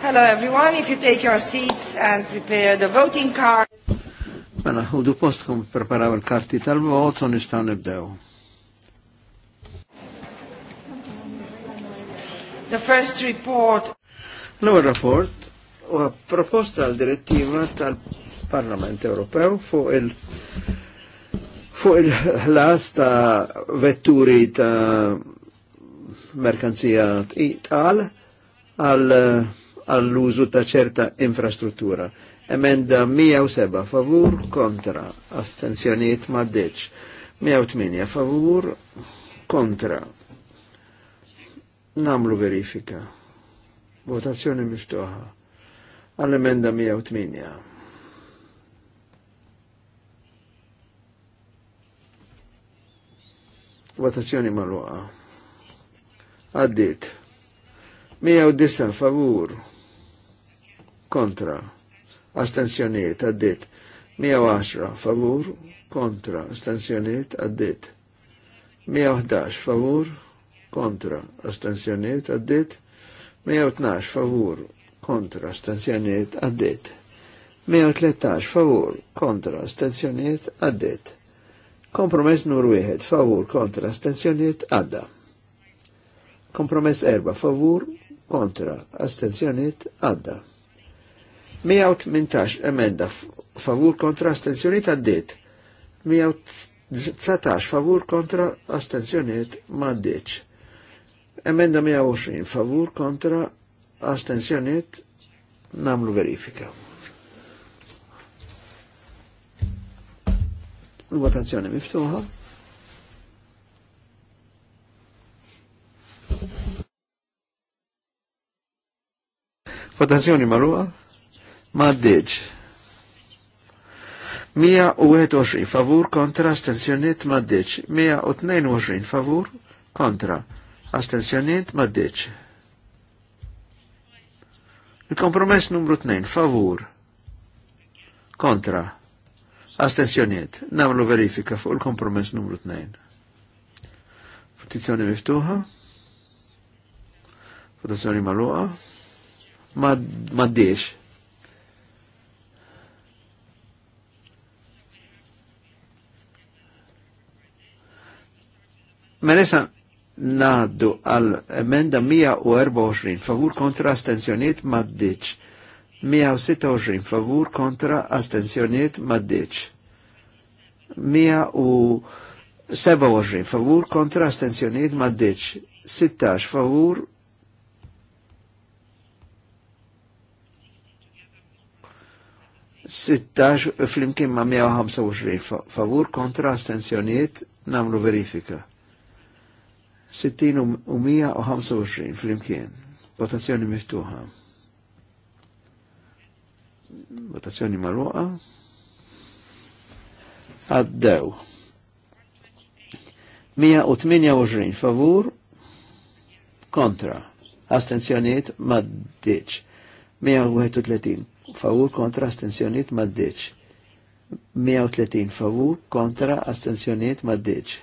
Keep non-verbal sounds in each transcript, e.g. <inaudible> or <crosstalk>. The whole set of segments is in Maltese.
Hello everyone, if you take your seats and prepare the voting card. Mela, u du post kum preparaw il-karti tal-vot u nistaw nibdew. The first report. L-ewwel rapport u proposta għal direttiva tal-Parlament Ewropew fuq il- fuq il-ħlas ta' vetturi ta' merkanzija tqal għall-użu ta' ċerta infrastruttura. Emenda 107 favur kontra astenzjoniet maddeċ. 108 favur kontra. Namlu verifika. Votazzjoni miftuħa. Għall-emenda 108. Votazzjoni maluqa għaddit. 109 favur kontra astensjoniet għaddit. 110 favur kontra astensjoniet għaddit. 111 favur kontra astensjoniet għaddit. 112 favur kontra astensjoniet għaddit. 113 favur kontra astensjoniet għaddit. Kompromess nur wieħed favur kontra astensjoniet għadda. Kompromess erba, favur, kontra, astenzjoniet, għadda. 118 emenda, favur, kontra, astenzjoniet, għaddit. 119 favur, kontra, astenzjoniet, maddiċ. Emenda 120, favur, kontra, astenzjoniet, namlu verifika. Il-votazzjoni miftuħa. Votazzjoni marruqa ma ddiġ. 121 favur kontra astensjoniet ma ddiġ. 122 favur kontra astensjoniet ma ddiġ. Il-kompromess numru 2 favur kontra astensjoniet. Namlu verifika fuq il-kompromess numru 2. Votazzjoni miftuħa. Votazzjoni marruqa, Ma d-diex. Meresa naħdu għal emenda 124 favur kontra astenzjoniet maddiċ. 126 favur kontra astenzjoniet maddiċ. 127 favur kontra astenzjoniet maddiċ. 16 favur 16 flimkien ma' 125 favur kontra astensjoniet namlu verifika. 60 u 125 flimkien. Votazzjoni miftuħa. Votazzjoni marruqa. Għaddew. 128 favur kontra. Astenzjoniet ma' 10. 131 favur kontra astensjoniet maddeċ. 130 favur kontra astensjoniet maddeċ.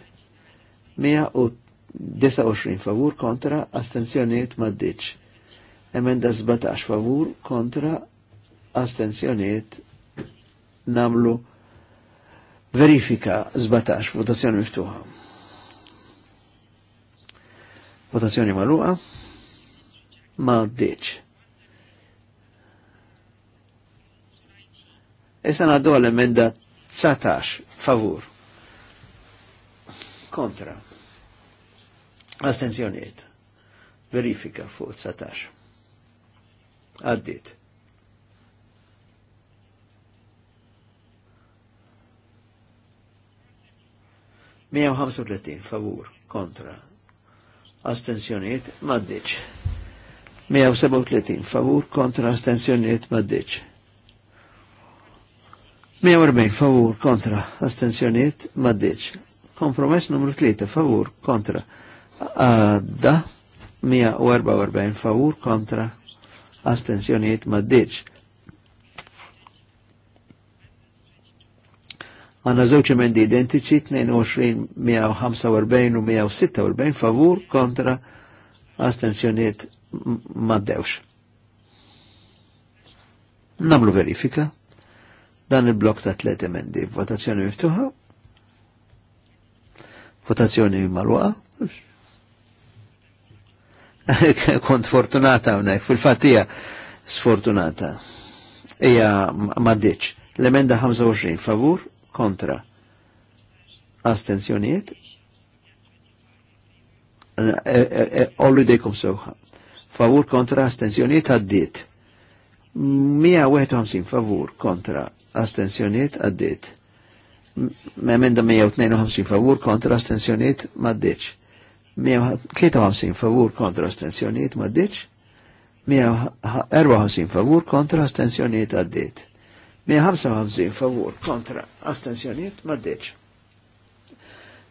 129 favur kontra astensjoniet maddeċ. Emenda 17 favur kontra astensjoniet namlu verifika 17 votazzjoni miftuħa. Votazzjoni maluqa ma Issa għaddu għal-emenda 19, favur. Kontra. Astenzjoniet. Verifika fuq 19. Għaddit. Mijaw 35, favur, kontra. Astenzjoniet, maddiċ. 137, favur, kontra, astenzjoniet, maddiċ. 140 favur kontra astensjoniet maddeċ. Kompromess numru 3 favur kontra għadda 144 favur kontra astensjoniet maddeċ. Għanna zewċ emendi identiċi 22, 145 u 146 favur kontra astensjoniet maddewx. Namlu verifika. Dan il-blok ta' tlet emendi. Votazzjoni miftuħa. Votazzjoni marwa. <laughs> Kont fortunata unek, fil-fatija sfortunata. Ija maddiċ. L-emenda 25, favur, kontra. Astenzjoniet. E, e, e, ollu dejkom sewħa. Favur kontra astenzjoniet għaddit. 151 favur kontra astenzjoniet għaddit. Memenda 152 favur kontra astenzjoniet maddiċ. 153 favur kontra astenzjoniet maddiċ. 154 favur kontra astenzjoniet għaddit. 155 favur kontra astenzjoniet maddiċ.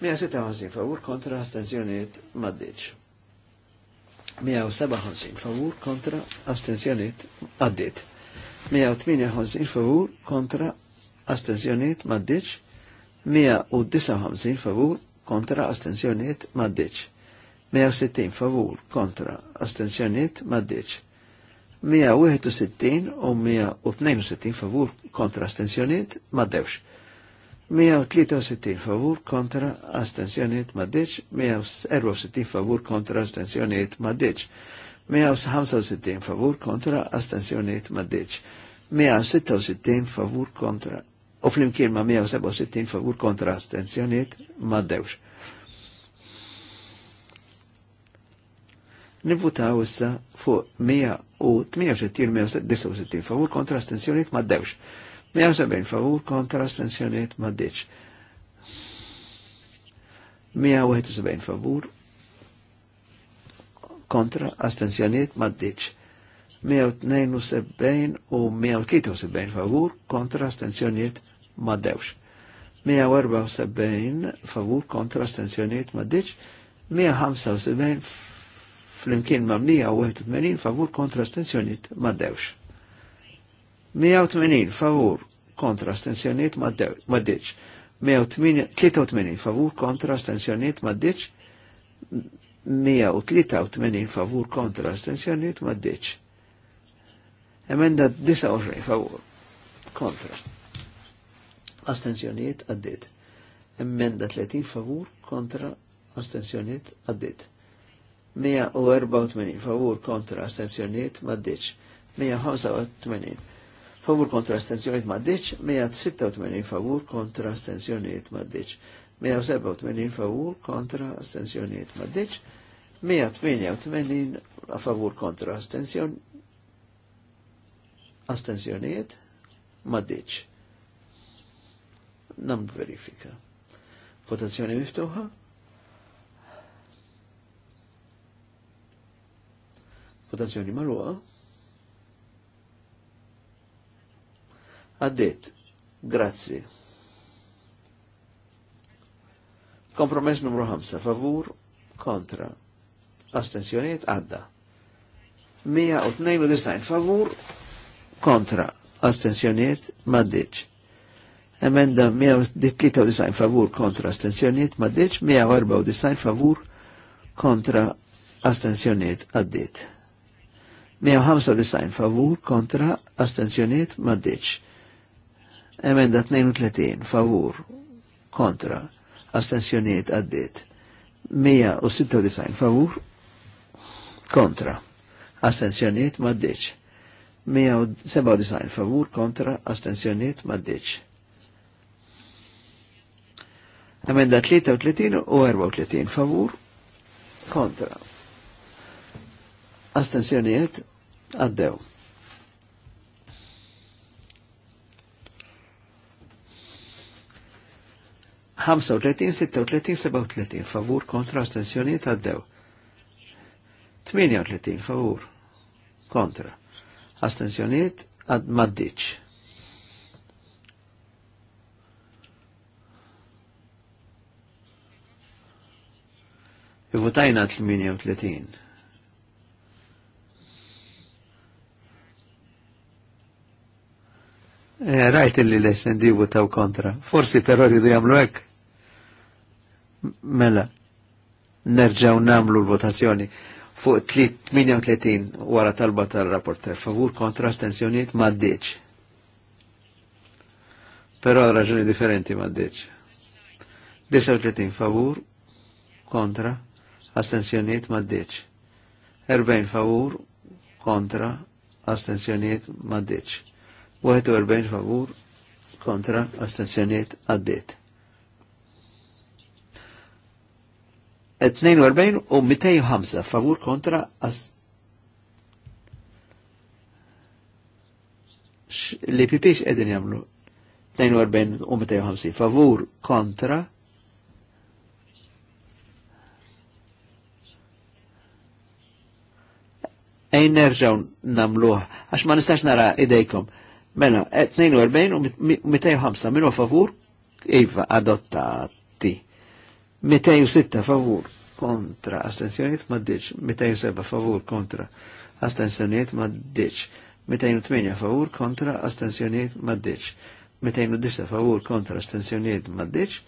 156 favur kontra astenzjoniet maddiċ. 157 favur kontra astenzjoniet għaddit. 158 favur kontra astenzjoniet maddiċ, 159 favur kontra astenzjoniet maddiċ, 160 favur kontra astenzjoniet maddiċ, 161 u 162 favur kontra astenzjoniet maddewx. 163 favur kontra astenzjoniet maddiċ, 164 favur kontra astenzjoniet maddiċ. 165 favur kontra astensjoniet maddeċ. 166 favur kontra u flimkien ma' 167 favur kontra astensjoniet maddewx. Nivvutaw issa fuq 168-169 favur kontra astensjoniet maddewx. 170 favur kontra astensjoniet maddeċ. 171 favur kontra astensjoniet maddiċ. 172 u 173 favur kontra astensjoniet maddewx. 174 favur kontra astensjoniet maddiċ. 175 flimkien ma' 181 favur kontra astensjoniet maddewx. 180 favur kontra astensjoniet maddiċ. 183 favur kontra astensjoniet maddiċ. 183 favur kontra astensjoniet ma d-deċ. Emenda 29 favur kontra. Astensjoniet għaddit. Emenda 30 favur kontra astensjoniet għaddit. 184 favur kontra astensjoniet ma d-deċ. 185 favur kontra astensjoniet ma d-deċ. 186 favur kontra astensjoniet ma d-deċ. 187 favur kontra astensjoniet maddiċ, 188 a favur kontra astensjon astensjoniet maddiċ. Nam verifika. Votazzjoni miftuħa? Votazzjoni marruqa? Għaddit. Grazie. Kompromess numru 5, favur, kontra. Astensjoniet għadda. 192 favur, kontra. Astensjoniet maddiċ. Emenda 193 favur kontra astensjoniet maddiċ, 194 favur kontra astensjoniet għaddit. 195 favur kontra astensjoniet maddiċ. Emenda 32 favur kontra astensjoniet għaddit. 196 favur kontra astensjoniet maddeċ. 197 favur kontra astensjoniet maddeċ. Amenda 33 u 34 favur kontra. Astensjoniet għaddew. 35, 36, 37 favur kontra astensjoniet dew. 38 favur kontra astensjoniet għad maddiċ. Ivotajna 38. Eh, rajt Rajt li l-SND votaw kontra. Forsi terror jidu jamlu ekk. Mela, nerġaw namlu l-votazzjoni fuq 38 wara talba tal-rapporter. Favur kontra astensjoniet ma' deċ. Però raġuni differenti ma' deċ. 39 favur kontra astensjoniet ma' deċ. 40 favur kontra astensjoniet ma' deċ. 41 favur kontra astensjoniet għaddit. 42 u 205 favur kontra as li pipiex edin jamlu 42 u 250 favur kontra ejn nerġaw namluħ, għax ma nistax nara idejkom. Mela, 42 u 205 minu favur, iva adottat. 206 favur kontra astenzjoniet astensjoniet maddiċ, 207 favur kontra astenzjoniet astensjoniet maddiċ, 208 favur kontra astenzjoniet astensjoniet maddiċ, 209 favur kontra astenzjoniet astensjoniet maddiċ,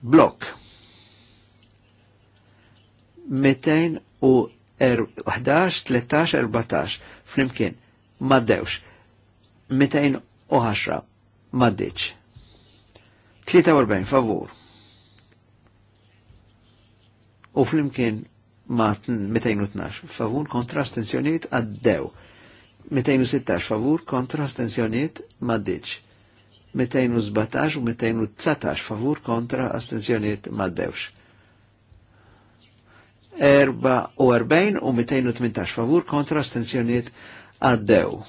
blok. 211, 13, 14, flimkien, maddewx, 210 maddiċ, 43 favur u flimkien ma' 212 favur kontra astensjoniet għaddew. 216 favur kontra astensjoniet ma' diċ. 217 u 219 favur kontra astensjoniet ma' dewx. 44 u 218 favur kontra astensjoniet għaddew.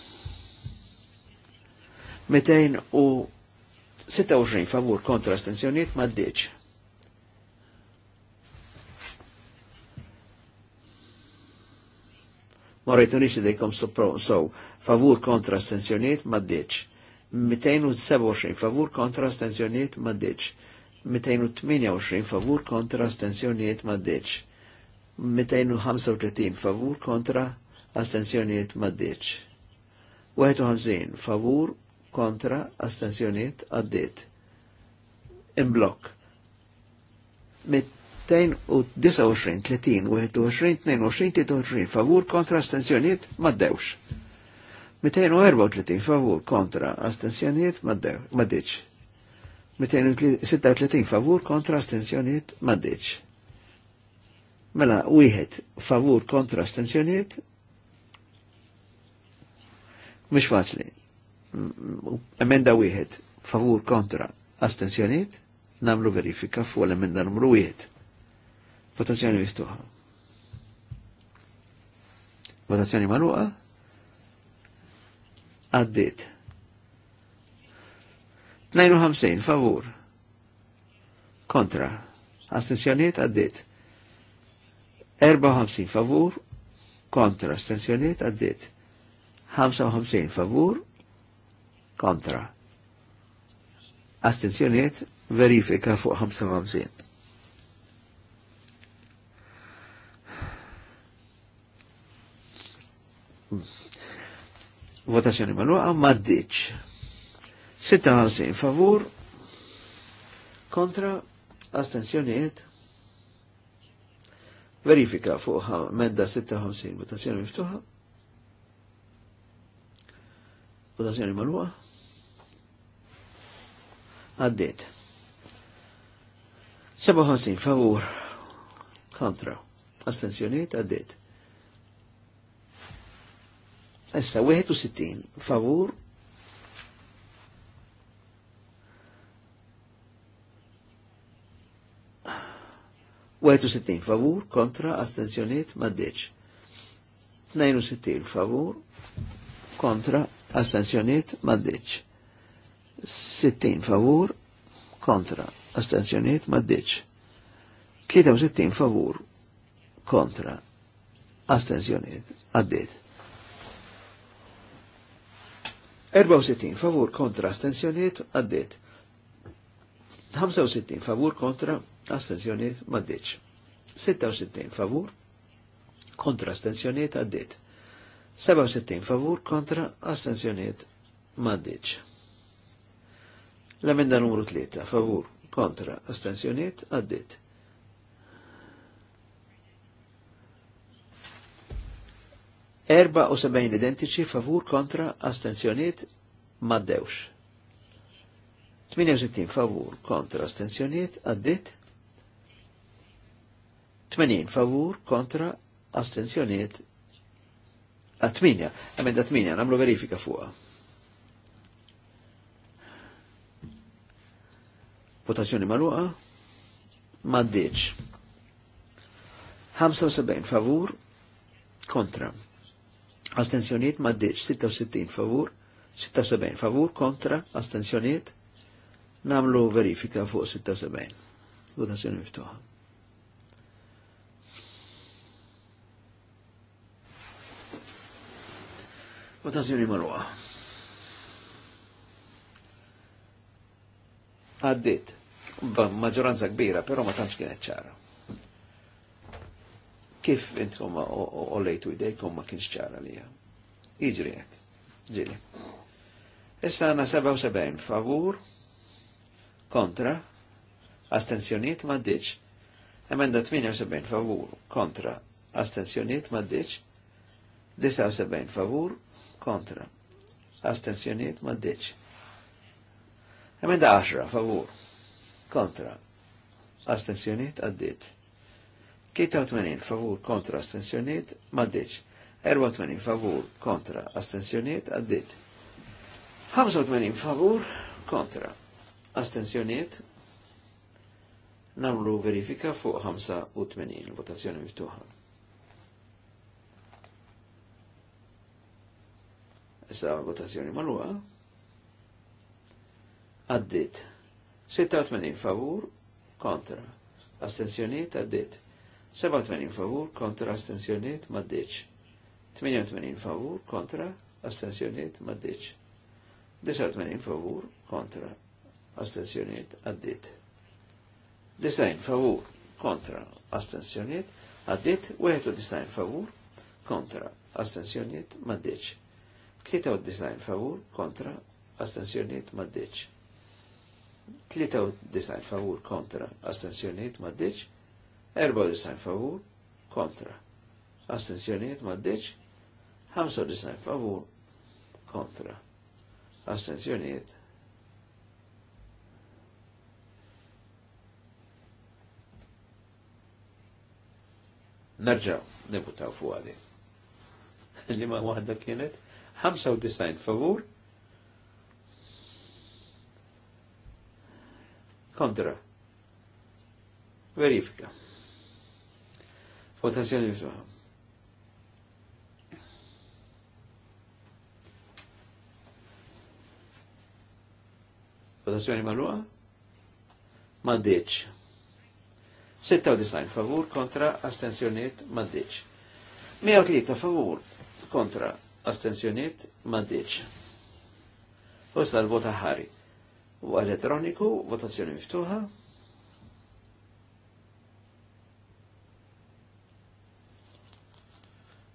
226 favur kontra astensjoniet ma' diċ. ma rritunix idejkom so favur kontra stenzjoniet ma d-deċ. 227 favur kontra stenzjoniet ma d-deċ. 228 favur kontra stenzjoniet ma d-deċ. 235 favur kontra astensjoniet ma d-deċ. 51 favur kontra astensjoniet għaddit. Imblok. 29, 30, 21, 22, 23, favur kontra astensjoniet maddewx. 234 favur kontra astensjoniet maddewx. 236 favur kontra astensjoniet maddewx. Mela, wieħed favur kontra astensjoniet Mish faċli. Emenda wieħed favur kontra astensjoniet namlu verifika fuq l-emenda numru wieħed. Votazzjoni miftuħa. Votazzjoni marruqa, Għaddit. 52 favur. Kontra. Astenzjoniet għaddit. 54 favur. Kontra. Astenzjoniet għaddit. 55 favur. Kontra. Astenzjoniet verifika fuq 55. Votazzjoni maluqa maddiċ. 56 favur kontra astensjoniet? verifika fuq medda 56 votazzjoni miftuħa votazzjoni marruqa għaddit 57 favur kontra Astensjoniet għaddit Issa, 61 favur Wajtu sittin favur, kontra, astenzjoniet, maddeċ. 62 favur, kontra, astenzjoniet, maddeċ. 60 favur, kontra, astenzjoniet, maddeċ. 63 favur, kontra, astenzjoniet, għaddit. 64 favur kontra astensjoniet għaddit. 65 favur kontra astensjoniet maddiċ. 66 favur kontra astensjoniet għaddit. 67 favur kontra astensjoniet maddiċ. L-emenda numru 3 favur kontra astensjoniet għaddit. 74 identiċi favur kontra astensjoniet maddewx. 68 favur kontra astensjoniet għaddit. 80 favur kontra astenzjoniet għatminja, Għamend 8, namlu verifika fuqa. Votazzjoni maluqa, maddiċ. 75 favur kontra astensjoniet maddiċ 66 favur, 76 favur kontra astenzjoniet namlu verifika fuq 76. Votazzjoni miftuħa. Votazzjoni marwa. Għaddit, maġoranza kbira, pero ma tanċ kienet ċara kif intom olejtu idejkom ma kienx ċara li hija. Iġri għek, ġili. Issa għana 77 favur kontra astensjoniet ma d ddiċ. Emenda 78 favur kontra astensjoniet ma d ddiċ. 79 favur kontra astensjoniet ma d ddiċ. Emenda 10 favur kontra astensjoniet għaddiċ. 83 favur kontra astensjoniet maddiċ. 84 favur kontra astensjoniet għaddit. 85 favur kontra astensjoniet namlu verifika fuq 85 votazzjoni miftuħa. Issa votazzjoni malwa għaddit. 86 favur kontra astensjoniet għaddit. 87 favur kontra astensjoniet maddeċ. 88 favur kontra astensjoniet maddeċ. 89 favur kontra astensjoniet għaddit. 90 favur kontra astensjoniet għaddit, 91 favur kontra astensjoniet maddeċ. 93 favur kontra astensjoniet maddeċ. 93 favur kontra astensjoniet maddeċ. maddiċ. 94 favur kontra. Astenzjoniet ma d-deċ, maddiċ 95 favur kontra. Astenzjoniet Nerġaw, nebutaw fu għadi. <laughs> Li ma għadda kienet 95 favur kontra. Verifika. Votazzjoni miftuħa. Votazzjoni marruqa? Ma ddiċ. 96 favur kontra astensjoniet ma ddiċ. 103 favur kontra astensjoniet ma ddiċ. Osta l-vota ħari. U elettroniku, votazzjoni miftuħa.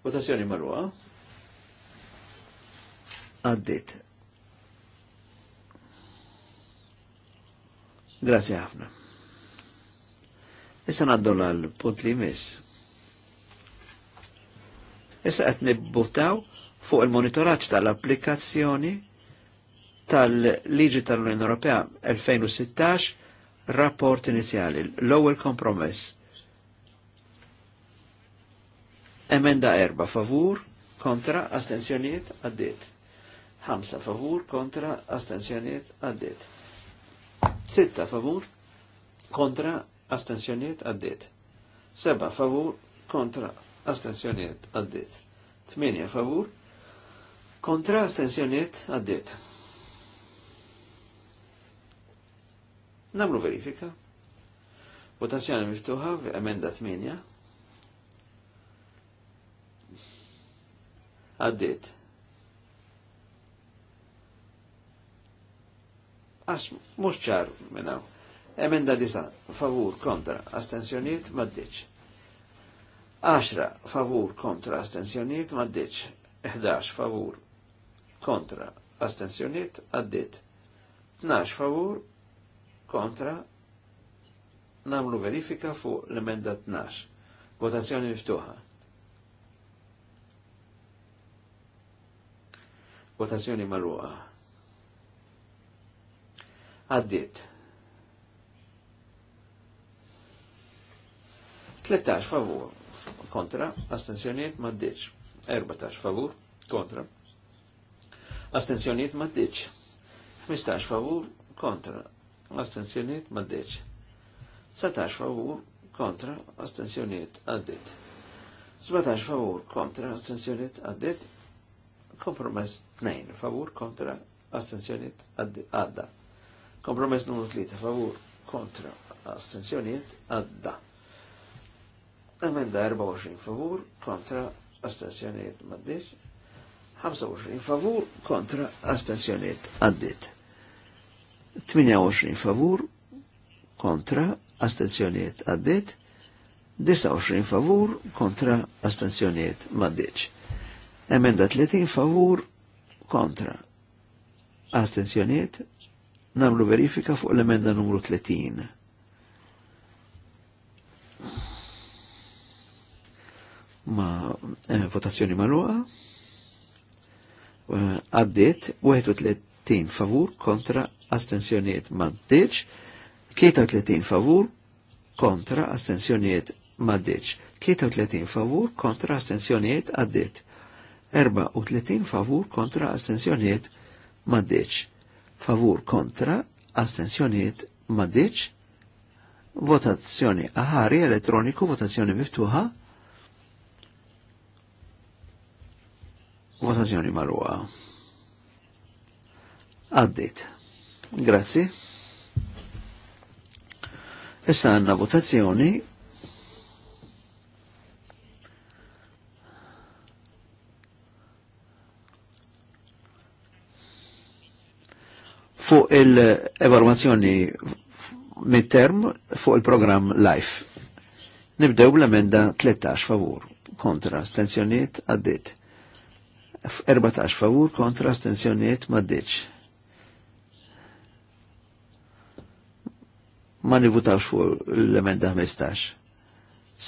Votazzjoni marwa. Għaddit. Grazie ħafna. Issa għaddu l-punt li jmiss. Issa qed nibbutaw fuq il-monitoraġġ tal-applikazzjoni tal-Liġi tal-Unjoni Ewropea 2016 rapport inizjali, l-ewwel kompromess Emenda erba favur kontra astenzjoniet għaddit. Hamsa favur kontra astenzjoniet għaddit. Sitta favur kontra astenzjoniet għaddit. Seba favur kontra astenzjoniet għaddit. Tminja favur kontra astenzjoniet għaddit. Namlu verifika. Votazzjoni miftuħa emenda 8. għaddit. Għax, mux ċar minnaw. Emenda li sa, favur, kontra, astensjoniet, maddiċ. 10 favur, kontra, astensjoniet, maddiċ. Eħdax, favur, kontra, astensjoniet, għaddit. Tnax favur, kontra, namlu verifika fuq l-emenda tnax. Votazzjoni miftuħa. Votazzjoni marruqa. Għaddit. 13 favur kontra, astensjoniet ma 14 favur kontra, astensjoniet ma 15 favur kontra, astensjoniet ma ddiċ. 19 favur kontra, astensjoniet għaddit. 17 favur kontra, astensjoniet għaddit. Kompromess nejn, favur kontra astenzjoniet għadda. Kompromess numru 3, favur kontra astenzjoniet għadda. Emenda 24, favur kontra astenzjoniet maddis. 25 favur kontra astenzjoniet għaddit. 28 favur kontra astenzjoniet għaddit. 29 favur kontra astenzjoniet maddiċ. Emenda 30 favur kontra. Astenzjoniet namlu verifika fuq l-emenda numru 30. Ma eh, votazzjoni manuqa eh, għaddit 31 favur kontra astenzjoniet maddiċ, 33 favur kontra astenzjoniet maddiċ, 33 favur kontra astenzjoniet għaddit. 34 favur kontra astensjoniet maddeċ. Favur kontra astensjoniet maddeċ. Votazzjoni aħari elettroniku, votazzjoni miftuħa. Votazzjoni marwa. Għaddit. Grazzi. Issa għanna votazzjoni fuq il-evaluazzjoni mid-term fuq il-programm LIFE. Nibdew l-emenda 13 favur kontra stenzjoniet għaddit. 14 favur kontra stenzjoniet maddiċ. Ma nivutawx fuq l-emenda 15.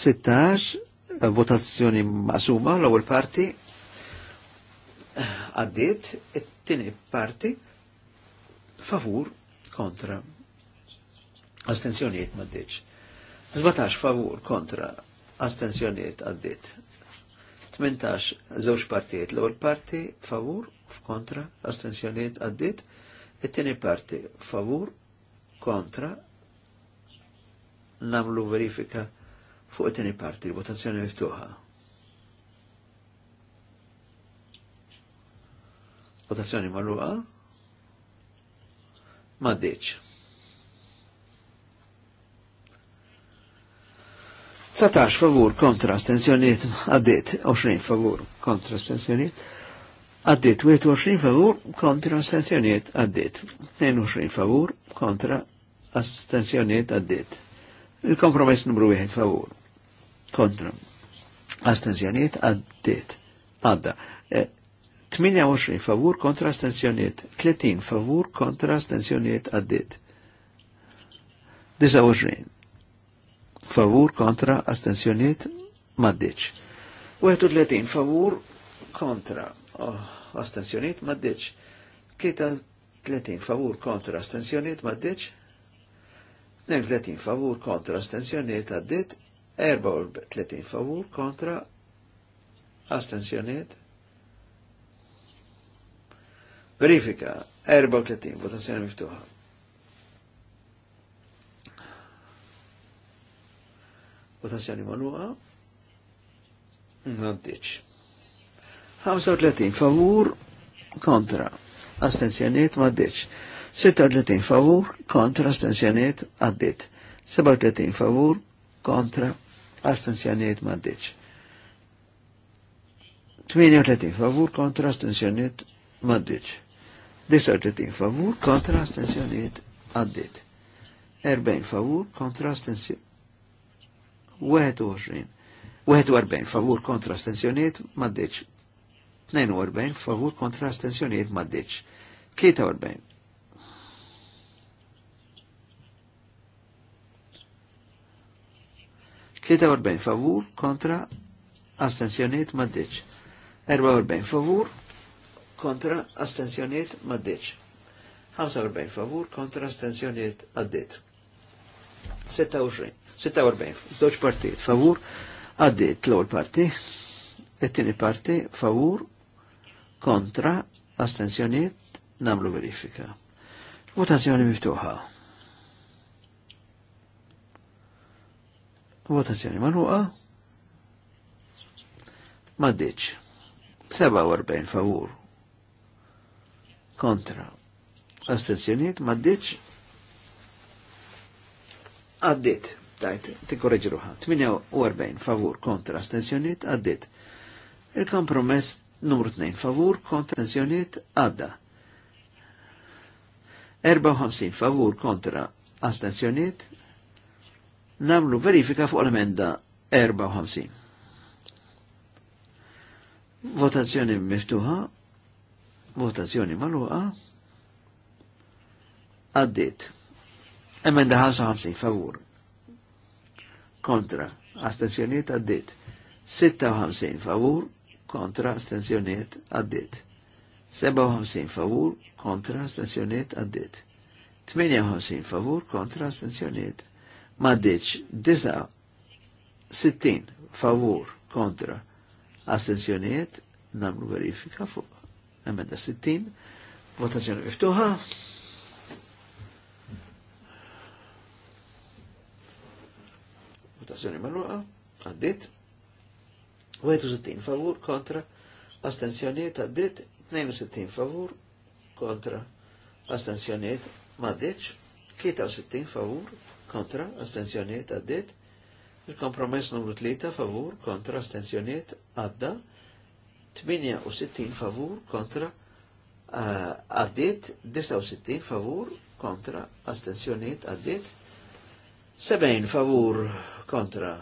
16 votazzjoni maqsuma l-ewwel parti għaddit, it-tieni parti favur kontra astensjoniet maddiċ. Zbatax favur kontra astenzjoniet għaddit. 18 żewġ partijiet l-ewwel parti favur kontra astenzjoniet għaddit, it-tieni parti favur kontra namlu verifika fuq it-tieni parti, votazzjoni miftuħa. Votazzjoni marruqa? ma Satax favur kontra stenzjoniet għaddit 20 favur kontra stenzjoniet għaddit 20 favur kontra stenzjoniet għaddit 22 favur kontra astenzjoniet għaddit il-kompromess numru 1 favur kontra astenzjoniet għaddit għadda eh, 28 favur kontra stenzjoniet, 30 favur kontra stenzjoniet għaddit. 29 favur kontra astenzjoniet maddiċ. 31 favur kontra oh, astenzjoniet maddiċ. 33 favur kontra astenzjoniet maddiċ. 32 favur kontra astenzjoniet għaddit. 34 favur kontra astensjoniet Verifika 34, votazzjoni miftuħa. Votazzjoni manuqa. Nantiċ. 35 favur kontra. Astenzjoniet maddiċ. 36 favur kontra astenzjoniet għaddit. 37 favur kontra astenzjoniet maddiċ. 38 favur kontra astenzjoniet maddiċ. 39 favur kontra astensjoniet għaddit. Erbejn favur kontra astensjoniet. 21. 41 favur kontra astensjoniet maddiċ. 42 favur kontra astensjoniet maddiċ. 43. Tlieta favur kontra astensjoniet maddiċ. 44 favur kontra astensjoniet maddeċ. 45 favur kontra astensjoniet għaddit. 46, żewġ partijiet favur, għaddit l-ewwel parti, it-tieni parti favur kontra astensjoniet namlu verifika. Votazzjoni miftuħa. Votazzjoni magħluqa. Maddeċ. 47 favur kontra astenzjoniet ma ddiċ għaddit tajt korreġi ruħa 48 favur kontra astenzjoniet għaddit il-kompromess numru 2 favur kontra astenzjoniet għadda 54 favur kontra astenzjoniet namlu verifika fuq l-emenda 54 votazzjoni miftuħa Votazzjoni maluqa. Għaddit. Emenda 55 favur. Kontra. Astenzjoniet għaddit. 56 favur. Kontra. Astenzjoniet għaddit. 57 favur. Kontra. Astenzjoniet għaddit. 58 favur. Kontra. Astenzjoniet. Maddiċ. disa 60 favur. Kontra. Astenzjoniet namlu verifika fuq emenda 60, votazzjoni miftuħa. Votazzjoni marruqa, għaddit. 61 favur kontra, astensjoniet għaddit, 62 favur kontra, astensjoniet maddiċ, 63 favur kontra, astensjoniet għaddit, il-kompromess numru 3 favur kontra, astensjoniet għadda, 68 favur kontra eh, għaddit, 69 favur kontra astensjoniet għaddit, 70 favur kontra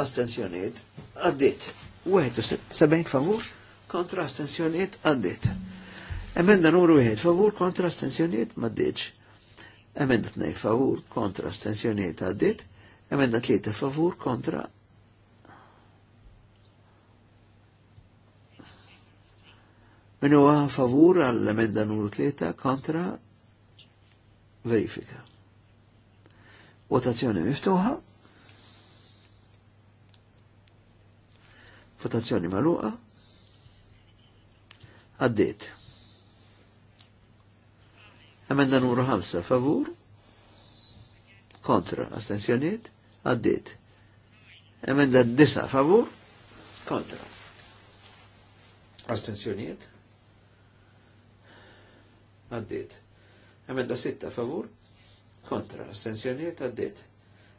astensjoniet għaddit, 71 favur kontra astensjoniet għaddit. Emenda numru 1 favur kontra astensjoniet maddiċ. Emenda 2 favur kontra astensjoniet għaddit. Emenda 3 favur kontra Minu għan favur għall-emenda numru 3 kontra verifika. Votazzjoni miftuħa. Votazzjoni maluqa. Għaddit. Emenda numru 5 favur. Kontra. Astenzjoniet. Għaddit. Emenda 9 favur. Kontra. Astenzjoniet għaddit. Emenda 6 favur, kontra, astensjoniet għaddit.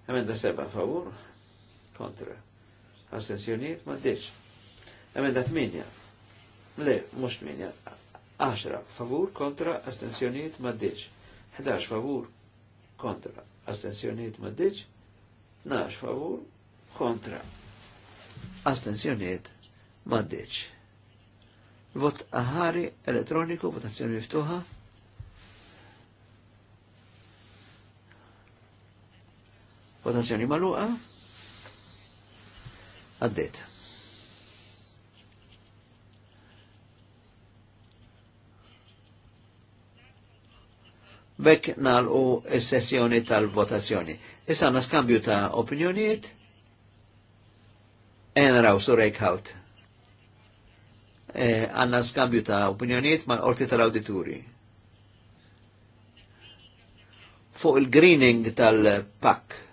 Emenda 7 favur, kontra, astensjoniet maddiċ. Emenda 8, le, mux 8, 10 favur, kontra, Astenzjoniet maddiċ. 11 favur, kontra, astensjoniet maddiċ. 12 favur, kontra, astensjoniet maddiċ. Vot aħari elettroniku, votazzjoni miftuħa. Votazzjoni maluqa. Għaddit. Bek nalqu s-sessjoni tal-votazzjoni. Issa għanna skambju ta' opinjonijiet. Enraw su Rejkhaut. Għanna e, skambju ta' opinjoniet ma' orti tal-auditori. Fuq il-greening tal-pak.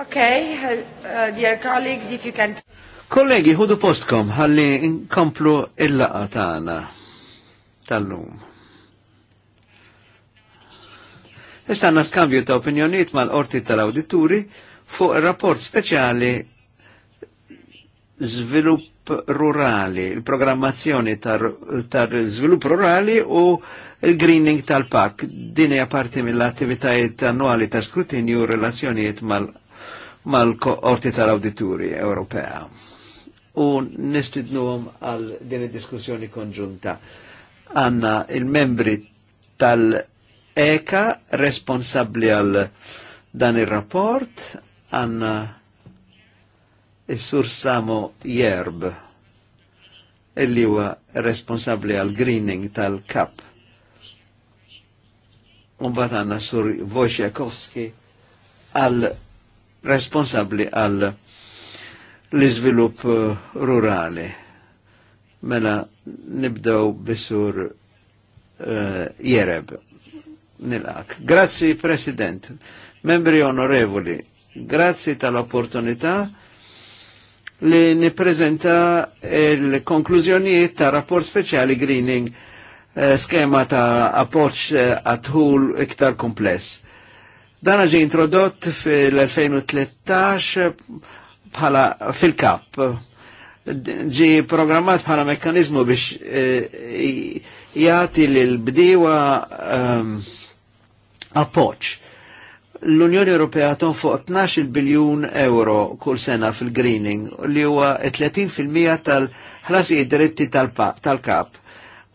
Okay, uh, uh, dear colleagues, if you can... Kollegi, hudu postkom, għalli inkomplu il-laqa tal-lum. Issa għandna skambju ta' opinjonijiet mal-qorti tal-awdituri fuq rapport speċjali Zvilup rurali, il-programmazzjoni tar-żvilupp rurali u il-greening tal-pak. dini għaparti parti mill-attivitajiet annwali ta' skrutinju u relazzjonijiet mal-qorti mal koorti tal auditori Ewropea. U nistidnuhom għal din il diskussjoni konġunta. Għanna il-membri tal-EKA responsabli għal dan il-rapport, għanna il-Sur Samo Jerb, illi huwa responsabli għal greening tal-kap. bat għanna Sur Wojciechowski għal responsabli għal l-izvilup eh, rurali. Mela nibdaw bisur uh, jereb nilak. Grazzi President, membri onorevoli, grazzi tal-opportunità li niprezenta il-konklużjonijiet ta' rapport speċjali greening eh, skema ta' appoċ għatħul iktar kompless. Dan ġi introdott fil-2013 bħala fil-kap ġi programmat bħala mekkanizmu biex e, jati l-bdiwa um, appoċ. L-Unjoni Ewropea tonfoq 12 biljun euro kull sena fil-greening li huwa 30% tal-ħlasijiet diretti tal-kap. tal id dritti tal kap tal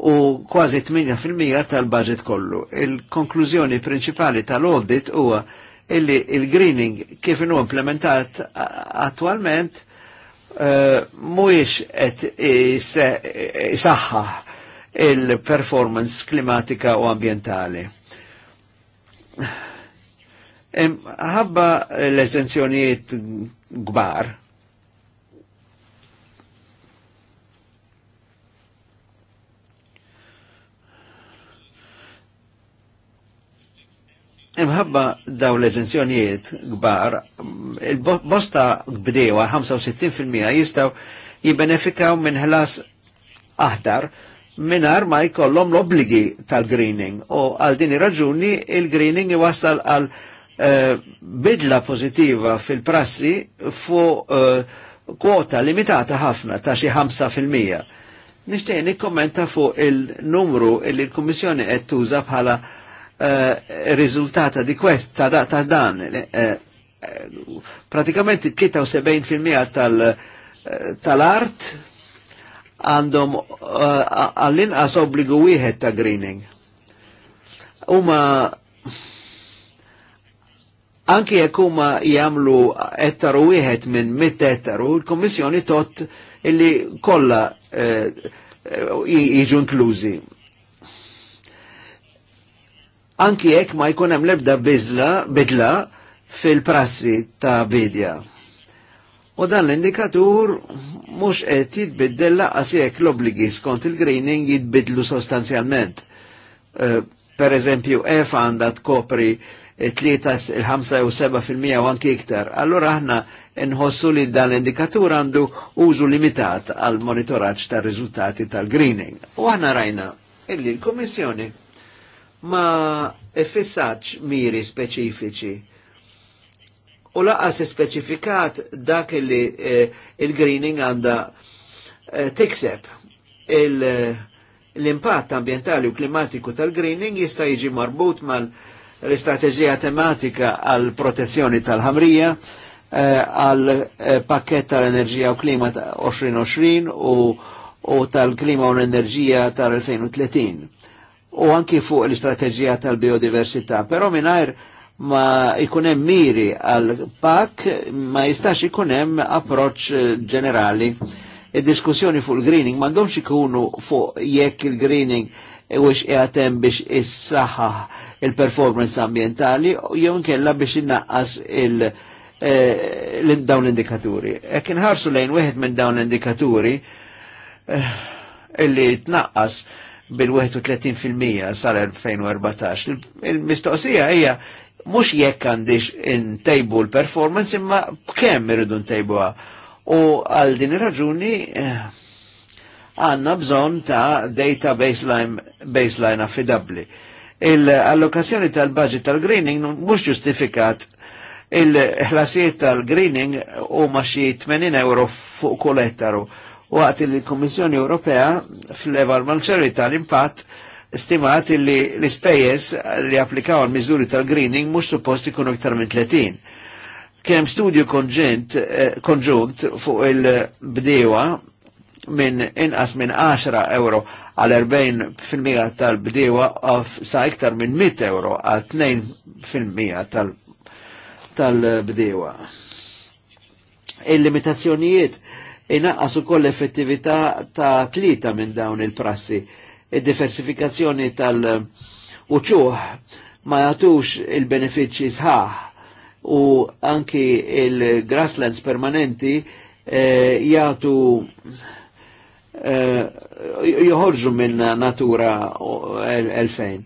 u kważi 8% tal-budget kollu. Il-konklużjoni principali tal-audit huwa illi il-greening kif inhu implementat attualment uh, mhuwiex qed isaħħaħ il-performance klimatika u ambientali. Ħabba l-eżenzjonijiet gbar, Imħabba daw l-eżenzjonijiet gbar, il-bosta bdewa 65% jistaw jibbenefikaw minn ħlas aħdar minar ma jkollhom l-obligi tal-greening u għal din raġuni il-greening iwassal għal eh, bidla pozitiva fil-prassi fu eh, kwota limitata ħafna ta' xi 5%. Nixtieq kommenta fuq il-numru il-Kummissjoni qed tuża bħala il-rizultata eh, di quest ta' da ta' dan eh, eh, Praticamente pratikament 73% tal- tal-art għandhom għall-inqas obbligu wieħed ta' greening. Huma anki jekk huma jagħmlu ettaru wieħed minn mitt ettaru, il-Kommissjoni tot illi kollha jiġu inklużi anki jekk ma jkun hemm lebda bizla, bidla fil-prassi ta' bidja. U dan l-indikatur mhux qed jitbiddel laqas jekk l-obligi skont il-greening jitbidlu sostanzjalment. Uh, per eżempju, e F għandha tkopri tlitas il-5 u 7% u anki iktar. Allora aħna nħossu li dan l-indikatur għandu użu limitat għal monitoraġġ tar riżultati tal-greening. U aħna rajna illi l komissjoni ma effissaċ miri speċifiċi. U laqas speċifikat dak li eh, il-greening għanda eh, tikseb. Eh, l-impatt ambientali u klimatiku tal-greening jista' jiġi marbut mal-istrateġija l tematika għal protezzjoni tal-ħamrija, eh, għal eh, pakket tal-enerġija u klima ta 2020 u tal-klima u l-enerġija tal-2030 u anki fuq l-istrateġija tal-biodiversità, però mingħajr ma ikunem miri għal pak ma jistax ikunem approċ ġenerali. Id-diskussjoni fuq il-greening domx ikunu fuq jekk il-greening u xqjatem biex is issaħħa il-performance ambientali jew nkella biex innaqqas il- eh, dawn l-indikaturi. Ekin ħarsu lejn wieħed minn dawn l-indikaturi eh, illi tnaqqas bil-31% sal-2014. Il-mistoqsija hija mhux jekk għandix intejbu l-performance imma b'kemm irridu ntejbuha. U għal din ir-raġuni eh, għandna bżonn ta' data baseline, baseline affidabli. Il-allokazzjoni tal-budget tal-greening mhux ġustifikat il-ħlasijiet tal-greening u xi 80 euro fuq kull ettaru waqt li l-Kommissjoni Ewropea fl-evalmazzjoni tal-impatt stimat li l-ispejjeż li applikaw għal miżuri tal-greening mhux suppost kunu iktar minn 30. Kem studju eh, konġunt fuq il-bdewa minn inqas minn 10 euro għal 40% tal-bdewa sa iktar minn 100 euro għal 2% tal- tal-bdewa. Il-limitazzjonijiet inaqqas ukoll effettività ta' tlita minn dawn il-prassi. Id-diversifikazzjoni tal-uċuħ ma jatux il-benefiċċji sħaħ u anki il-grasslands permanenti eh, jgħatu eh, joħorġu minn natura 2000.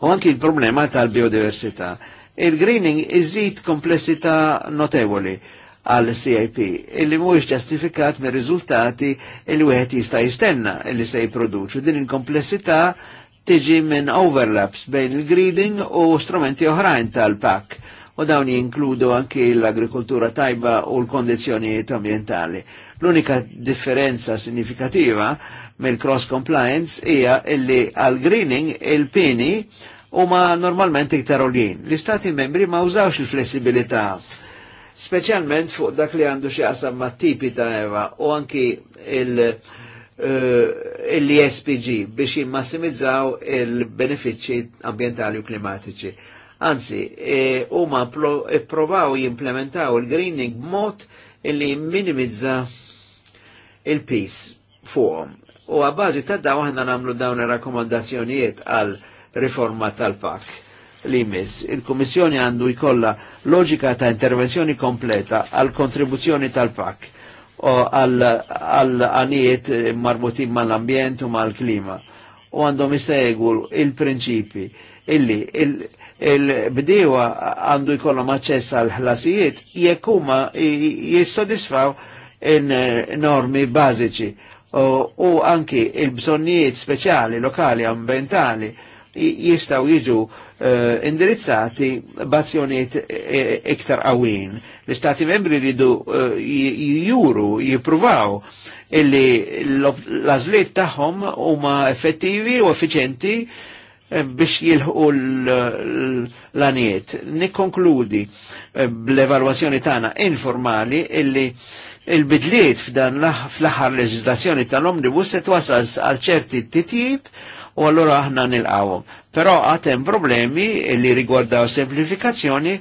U anki il-problema tal-biodiversità. Il-greening iżid komplessità notevoli għal CIP, illi mhuwiex ġastifikat me riżultati illi wieħed jista' jistenna illi se jipproduċu. Din il-komplessità tiġi minn overlaps bejn il-greeding u strumenti oħrajn tal-pak u dawn jinkludu anki l-agrikoltura tajba u l-kondizjonijiet ambientali. L-unika differenza sinifikativa mill-cross compliance hija illi għal greening il-pini huma normalment iktar L-istati membri ma użawx il-flessibilità specialment fuq dak li għandu xi qasam ma' tipi ta' eva u anki il- eh, l-ESPG biex jimmassimizzaw il-benefiċċji ambientali u klimatiċi. Anzi, eh, huma ma provaw jimplementaw il-greening b'mod illi minimizza il-pis fuqom. U għabbażi ta' daw aħna nagħmlu dawn ir-rakkomandazzjonijiet għal riforma tal-pak li jmiss. Il-Kommissjoni għandu jkolla loġika ta' intervenzjoni kompleta għal kontribuzzjoni tal-PAK għal għanijiet marbutin l ambjent u ma' l klima u għandhom jisegwu il-prinċipi illi il-bdewa għandu jkollhom maċċess għal ħlasijiet jekk huma jissodisfaw eh, normi bażiċi u anki il-bżonnijiet speċjali lokali ambientali jistaw jiġu uh, indirizzati bazzjoniet eh, iktar e għawin. L-istati membri ridu uh, juru, jipruvaw illi l-azliet tagħhom huma effettivi u effiċenti biex jilħu l-aniet. Nikkonkludi bl-evalwazzjoni tagħna informali illi il-bidliet f'dan fl-aħħar leġislazzjoni tal-omnibus se twasal għal ċerti titjib u allura aħna nilqawhom. Però għatem problemi li rigwardaw semplifikazzjoni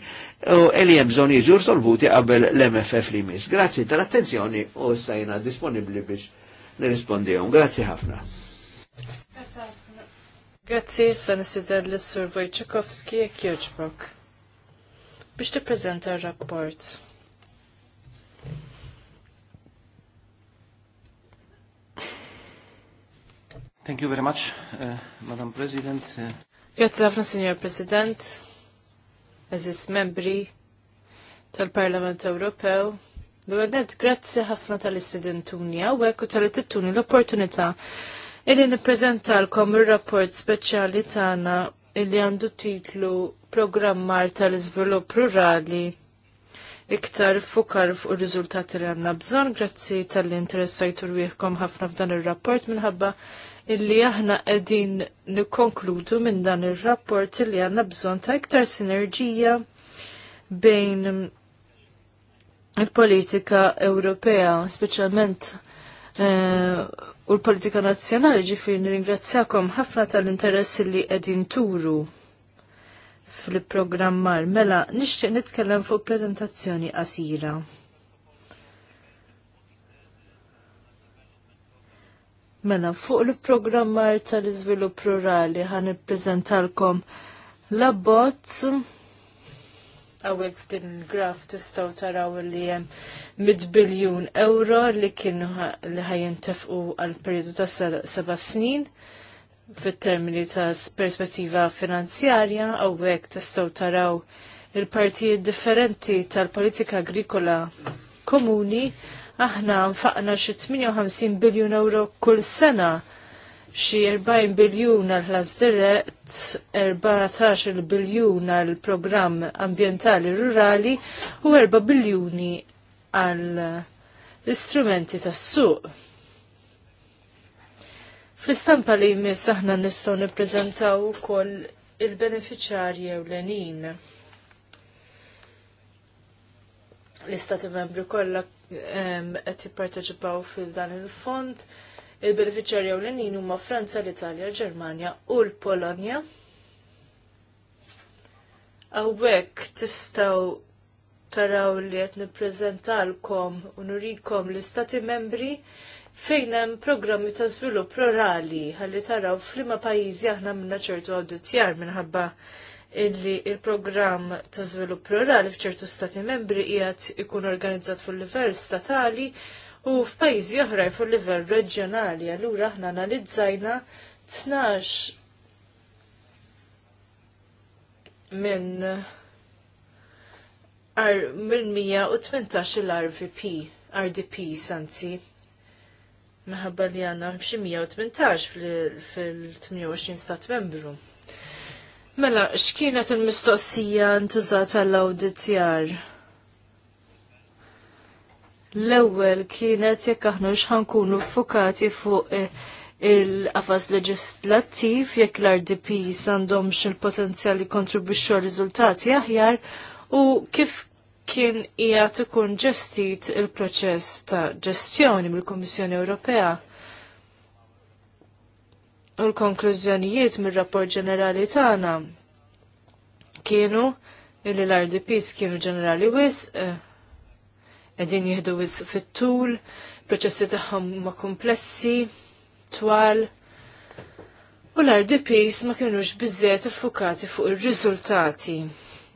u e li hemm bżonn jiġu solvuti qabel l-MFF li mis. Grazzi tal-attenzjoni u sajna disponibbli biex nirrispondihom. Grazzi ħafna. Grazzi, sa sider l-Sur Wojciechowski e Kjoġbok biex tippreżenta r-rapport. Thank you very much, uh, Madam President. Uh, Grazie ħafna, Signor President, eżis membri tal-Parlament Ewropew. L-għadet, grazzi ħafna tal-istudentuni għawek u tal-ittuni l-opportunità illi niprezentalkom il-rapport speċjali tagħna illi għandu titlu Programmar tal-Iżvilupp Rurali iktar fukar fuq ir-riżultati li għandna bżonn grazzi tal interessajtur wieħkom ħafna f'dan ir-rapport minħabba illi aħna qegħdin nikkonkludu minn dan ir-rapport illi għandna bżonn ta' iktar sinerġija bejn il-politika Ewropea, speċjalment eh, u l-politika nazzjonali ġifiri nirringrazzjakom ħafna tal-interess li qegħdin turu fil-programmar. Mela, nixtieq nitkellem fuq prezentazzjoni qasira. Mela, fuq il-programmar tal-izvilupp rurali ħan ippreżentalkom l-abbozz. Għawek f'din il-graf tistgħu taraw li jem mid biljun euro li kienu li tefqu għal periodu ta' seba snin fit-termini ta' perspettiva finanzjarja, għawek tistgħu taraw il-partijiet differenti tal-politika agrikola komuni aħna nfaqna xi 58 biljun euro kull sena xi 40 biljun għal ħlas dirett, 14 biljun għal programm ambientali rurali u 4 biljuni għal istrumenti tas-suq. Fl-istampa li jmiss aħna nistgħu nippreżentaw ukoll il-beneficjarji ewlenin. L-istati membri kollha qed parteċipaw fil-dan il-fond. Il-beneficjarja u l-enin huma Franza, l-Italja, l-Ġermanja u l-Polonja. Awek tistaw taraw li qed niprezentalkom u nurikom l-istati membri fejn hemm programmi ta' żvilupp rurali ħalli taraw f'liema pajjiżi aħna minna ċertu awditjar minħabba illi il-programm ta' żvilupp rurali f'ċertu stati membri qiegħed ikun organizzat fuq livell statali u f'pajjiżi oħra fuq livell reġjonali. Allura aħna analizzajna 12 minn minn 118 l-RVP, RDP sanzi meħabba li għanna 118 fil-28 stat membru. Mela, x'kienet il-mistoqsija ntużata l-awditjar? L-ewwel kienet jekk aħna x'ħankunu ffukati fuq eh, il-qafas leġislattiv jekk l rdp għandhomx il-potenzjali r riżultati aħjar u kif kien qiegħed ikun ġestit il-proċess ta' ġestjoni mill-Kummissjoni Ewropea u l-konklużjonijiet mir-rapport ġenerali tagħna kienu li l-RDPs kienu ġenerali wis qegħdin eh, jieħdu wis fit-tul, proċessi tagħhom ma' komplessi, twal. U l-RDPs ma kienux biżżejjed iffukati fuq ir-riżultati.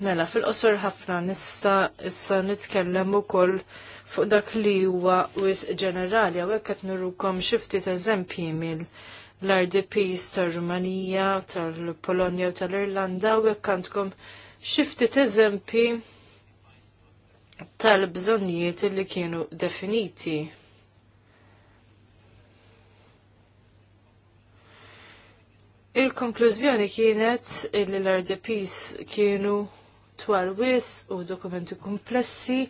Mela fil-qosor ħafna nista issa nitkellem ukoll fuq dak li huwa wis ġenerali hawnhekk qed nurukom xi ftit eżempji mill l-RDPs tal-Rumanija, tal-Polonja u tal-Irlanda u hekk għandkom xiftit eżempi tal-bżonnijiet li kienu definiti. Il-konklużjoni kienet li l-RDPs kienu twal wis u dokumenti komplessi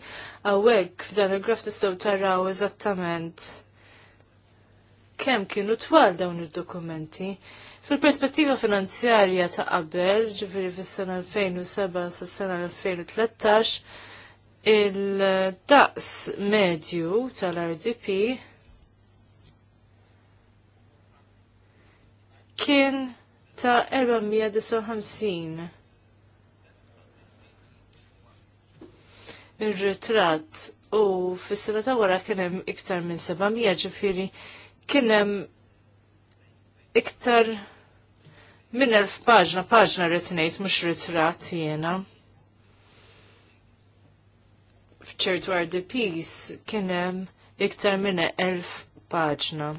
għawek f'dan il-graf tistaw taraw eżattament kemm kienu twal dawn id-dokumenti. Fil-perspettiva finanzjarja ta' qabel, ġifiri fis-sena 2007 sa' sena 2013, il-daqs medju tal-RDP kien ta' 459 il-ritrat u fis-sena ta' wara kien hemm iktar minn 700 ġifieri kienem iktar minn elf paġna, paġna rritnejt, mux ritrat jena. Fċertu RDPs kienem iktar minn elf paġna.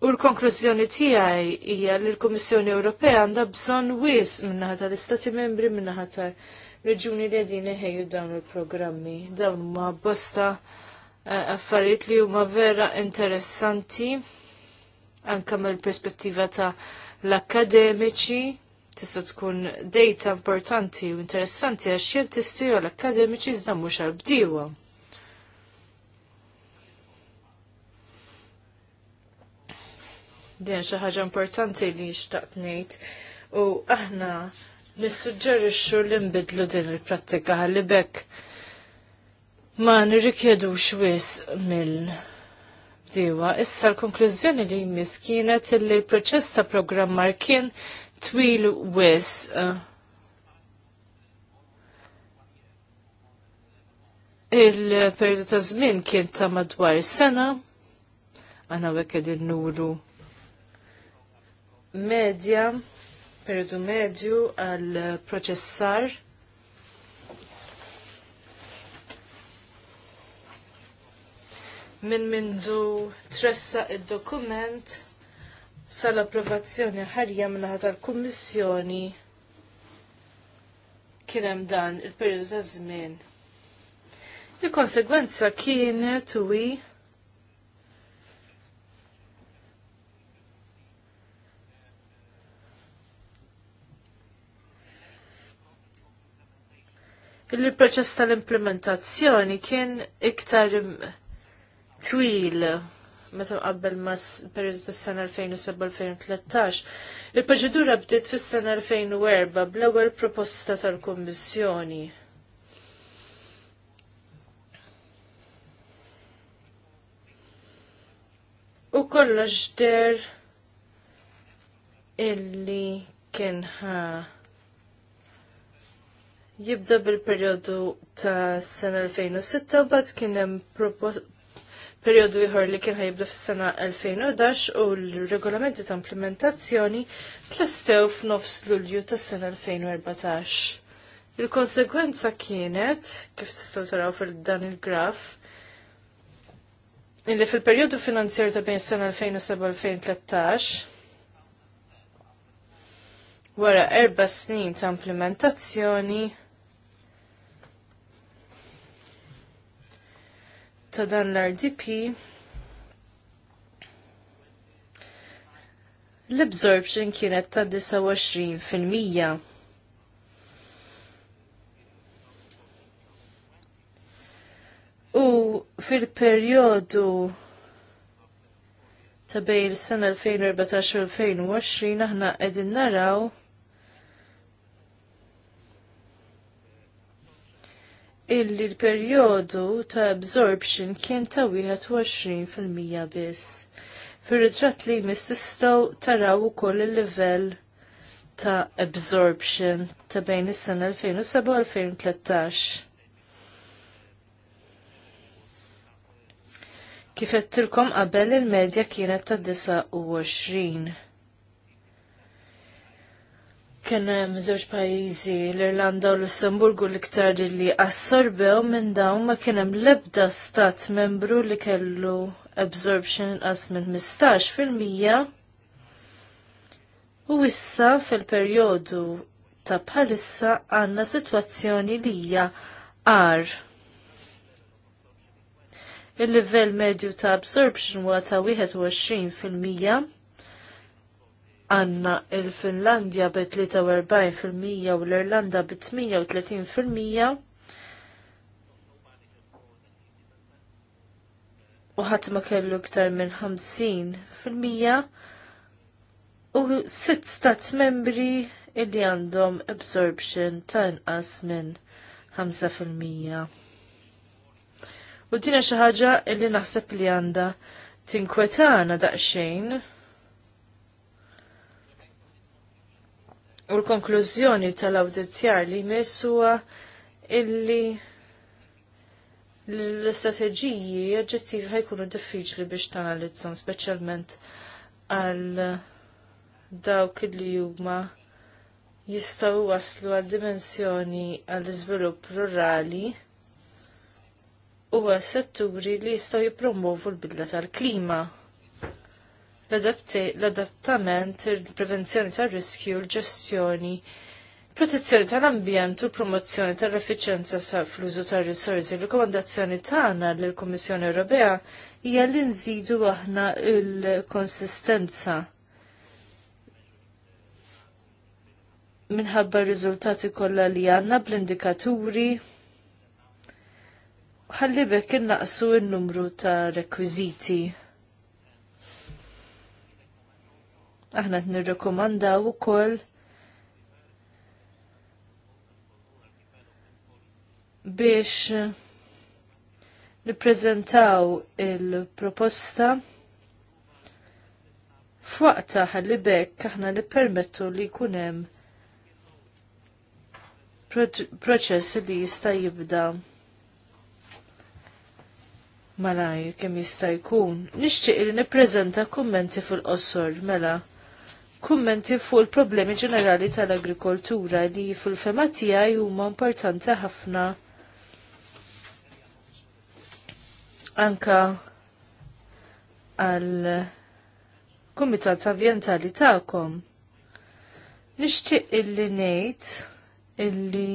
U l-konklużjoni tiegħi hija li l-Kummissjoni Ewropea għandha bżonn wies minnaħa tal-Istati Membri minnaħa tal-Reġuni li qegħdin iħejju dawn il-programmi. Dawn ma bosta Eh, affarijiet li huma vera interessanti anke mill-perspettiva ta' l-akademiċi tista' tkun data importanti u interessanti għax xjentisti u l-akademiċi iżda mhux għalbdiewa. bdiewa Din xi ħaġa importanti li xtaqt ngħid u aħna nissuġġerixxu li nbidlu din il-prattika ħalli bekk ma nirrikjedux xwis mill Diwa, issa l-konklużjoni li jmiss kienet li l-proċess ta' programmar kien twil wis. Il-periodu ta' żmien kien ta' madwar sena, għana wekked il-nuru medja, periodu medju għal proċessar minn mindu tressa id-dokument sal-approvazzjoni ħarja minn tal-Kummissjoni kien dan il-perjodu ta' żmien. Il-konsegwenza kienet tuwi. il-proċess tal-implementazzjoni kien iktar twil meta qabel ma periodu tas-sena 2007-2013. Il-proċedura bdiet fis-sena 2004 bl-ewwel proposta tal-Kummissjoni. U kollox der illi kien jibda bil-periodu ta' sena 2006 u bat kien hemm periodu ieħor li kien ħajibda fis-sena 2011 u l-regolamenti ta' implementazzjoni tlestew f'nofs Lulju tas-sena 2014. Il-konsekwenza kienet, kif tistgħu taraw fil-dan il-graf, illi fil-periodu finanzjarju ta' bejn sena 2007-2013, wara erba snin ta' implementazzjoni, ta' dan l-RDP l-absorption kienet ta' 29%. U fil-periodu ta' bejn is-sena 2014 u 2020 aħna qegħdin naraw illi l-perjodu ta' absorption kien ta' 21% biss. Fir-ritratt li mististaw taraw ukoll il-livell ta' absorption ta' bejn is-sena 2007 u 2013. Kif qedtilkom qabel il-medja kienet ta' 29. Kena hemm żewġ pajjiżi l-Irlanda u Lussemburgu l-iktar li assorbew minn dawn ma kien hemm l-ebda stat membru li kellu absorption as minn 15 fil-mija. U issa fil-perjodu ta' bħalissa għandna sitwazzjoni li hija għar. Il-livell medju ta' absorption huwa ta' 21 fil-mija għanna il-Finlandja bi 43% u l-Irlanda bi 38% u ħadd ma kellu iktar minn 50% u sitt stat membri illi għandhom absorption ta' inqas minn 5%. U dina xi ħaġa illi naħseb li għandha tinkwetana daqsxejn u l-konklużjoni tal-awdizjar li messuwa illi l strategiji oġġettivi ħajkunu diffiċli biex tanalizzon, specialment għal dawk li huma jistawu waslu għal dimensjoni għal iżvilupp rurali u għal setturi li jistaw jipromovu l-bidla tal-klima l-adattament, il-prevenzjoni tal-riskju, l-ġestjoni, protezzjoni tal-ambjent u promozzjoni tal efficienza fl-użu tal-risorsi. Rikomandazzjoni tagħna lill-Kummissjoni Ewropea hija li nżidu aħna l-konsistenza minħabba r-riżultati kollha li għandna bl-indikaturi ħalli bekk innaqsu n-numru ta' rekwiżiti. Aħna qed u ukoll biex niprezentaw il-proposta f'waqta ħalli bekk aħna nippermettu li jkun hemm proċess li jista' jibda Malaj kemm jista' jkun. Nixtieq li nippreżenta kummenti fil-qosor mela kummenti fuq il-problemi ġenerali tal-agrikoltura li fil-fema tiegħi huma importanti ħafna anka għal kumitat ambjentali tagħkom. Nixtieq illi ngħid illi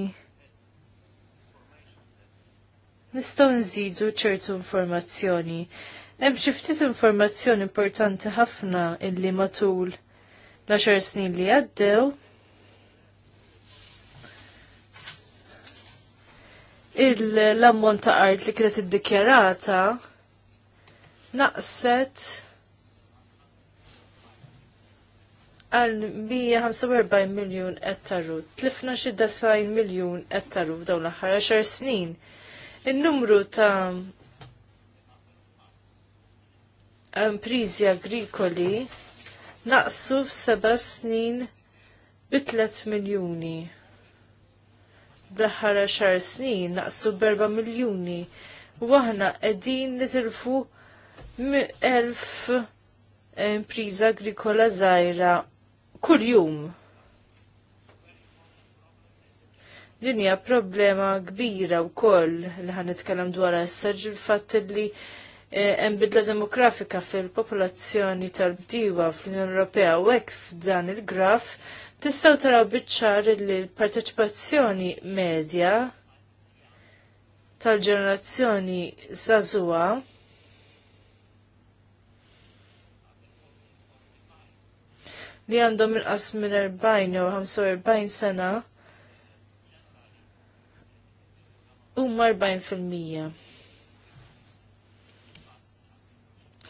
nistgħu nżidu ċertu informazzjoni. Hemm xi ftit informazzjoni importanti ħafna illi matul l-10 snin li għaddew l-ammont ta' art li kienet id-dikjarata naqset għal 145 miljon ettaru, tlifna xi design miljon ettaru f'dawn l-aħħar 10 snin. Il-numru ta' imprizi agrikoli naqsu f'seba' snin bi tlet miljuni. Daħħara xar snin naqsu b'erba' miljuni u aħna qegħdin nitilfu elf eh, impriża agrikola żgħira kuljum. Din hija problema kbira wkoll li ħan nitkellem s-sarġ il fatt li Eh, hemm bidla demografika fil-popolazzjoni tal-bdiewa fl-Unjoni Ewropea u hekk f'dan il-graf tistgħu taraw biċ-ċar li l-parteċipazzjoni medja tal-ġenerazzjoni żagħżugħa li għandhom inqas minn 40 jew 45 sena huma 40 fil-mija.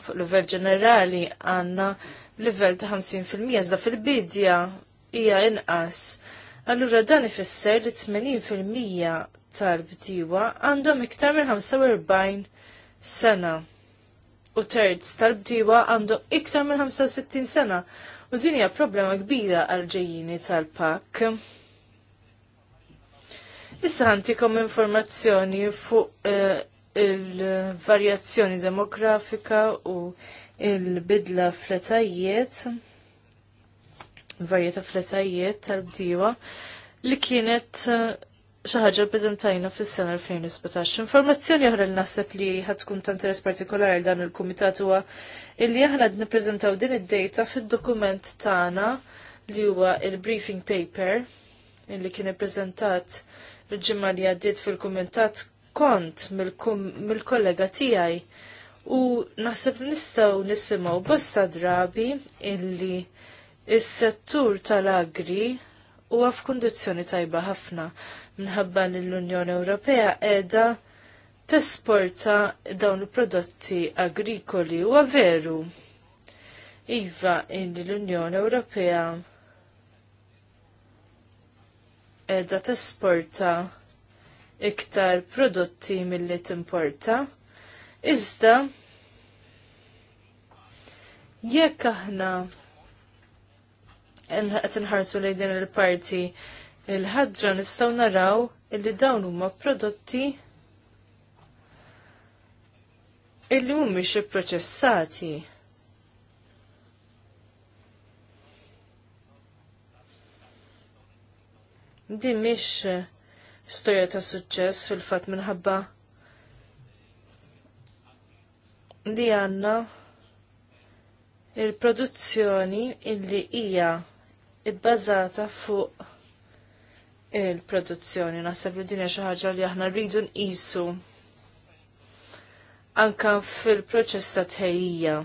fuq livell ġenerali għandna livell ta' 50% iżda fil-bidja hija inqas. Allura dan ifisser li 80% tal-bdiewa għandhom iktar minn 45 sena. U terz tal-bdiewa għandhom iktar minn 65 sena. U din hija problema kbira għal-ġejjini tal-pak. Issa ħantikom informazzjoni fuq uh, il-varjazzjoni demografika u il-bidla fletajiet, varjeta fletajiet tal-bdiwa li kienet uh, xi ħaġa preżentajna fis-sena 2017. Informazzjoni oħra li naħseb li ħatkun tkun ta' interess partikolari dan il-kumitat huwa illi aħna qed nippreżentaw din id-data fid-dokument tagħna li huwa il-briefing paper illi kien ippreżentat il-ġimgħa li għaddiet fil-kumitat kont mill-kollega tiegħi u naħseb nistgħu nisimgħu bosta drabi illi il settur tal-agri huwa f'kundizzjoni tajba ħafna minħabba li l-Unjoni Ewropea qiegħda tesporta dawn il-prodotti agrikoli huwa veru. Iva illi l-Unjoni Ewropea edha tesporta iktar prodotti mill-li timporta. Iżda, jekk aħna qed inħarsu lejn din il-parti il-ħadra nistgħu naraw illi dawn huma prodotti illi mhumiex ipproċessati. Din mhix storja ta' suċċess fil-fatt minħabba li għanna il-produzzjoni illi hija ibbażata fuq il-produzzjoni. Naħseb li din xi ħaġa li aħna rridu nqisu anka fil-proċess ta' tħejjija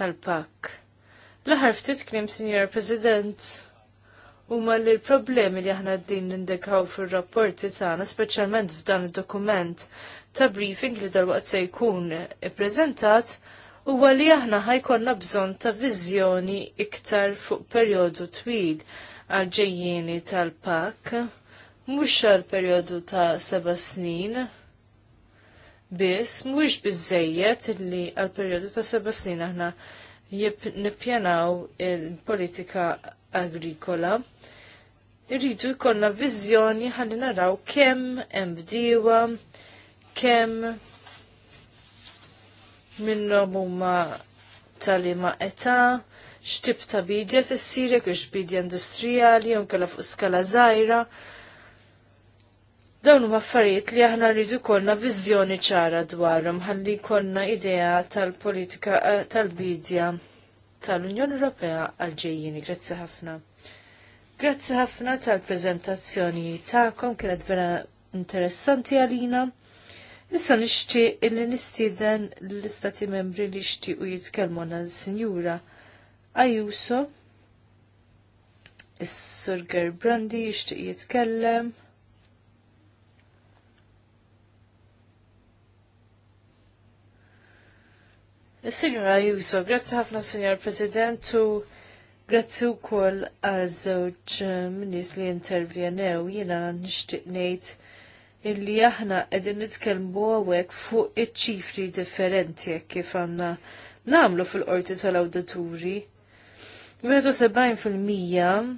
tal-pakk. L-aħar ftit klim, Sinjor President, huma li l-problemi li aħna din nindekaw fir-rapporti tagħna, speċjalment f'dan id-dokument ta' briefing li dalwaqt se jkun ippreżentat, huwa li aħna ħajkonna bżonn ta' viżjoni iktar fuq perjodu twil għal ġejjieni tal-pak, mhux għall perjodu ta' seba' snin. Biss, mhuwiex biżejjed li għal perjodu ta' seba' snin aħna nippjanaw il-politika agrikola. Irridu jkollna viżjoni ħalli naraw kemm hemm bdiewa, kemm minnhom huma tal-ima età, x'tib ta' bidja tissir jekk bidja industrijali jew kellha fuq skala żgħira. Dawn huma affarijiet li aħna rridu jkollna viżjoni ċara dwarhom ħalli jkollna idea tal-politika eh, tal-bidja tal-Unjoni Ewropea għal-ġejjini. Grazzi ħafna. Grazzi ħafna tal-prezentazzjoni ta'kom kienet vera interessanti għalina. Issa nixti illi nistieden l-istati membri li u jitkellmu għal sinjura Ajuso. Is-Sur Gerbrandi jixtieq jitkellem. Signora Juso, grazie ħafna Signor President u grazie u koll għazzoġ eh, minnis li intervjenew jina nixtieq ngħid illi aħna edin nitkelmu għawek fuq iċ-ċifri differenti kif għanna namlu fil-qorti tal-awdaturi. 70%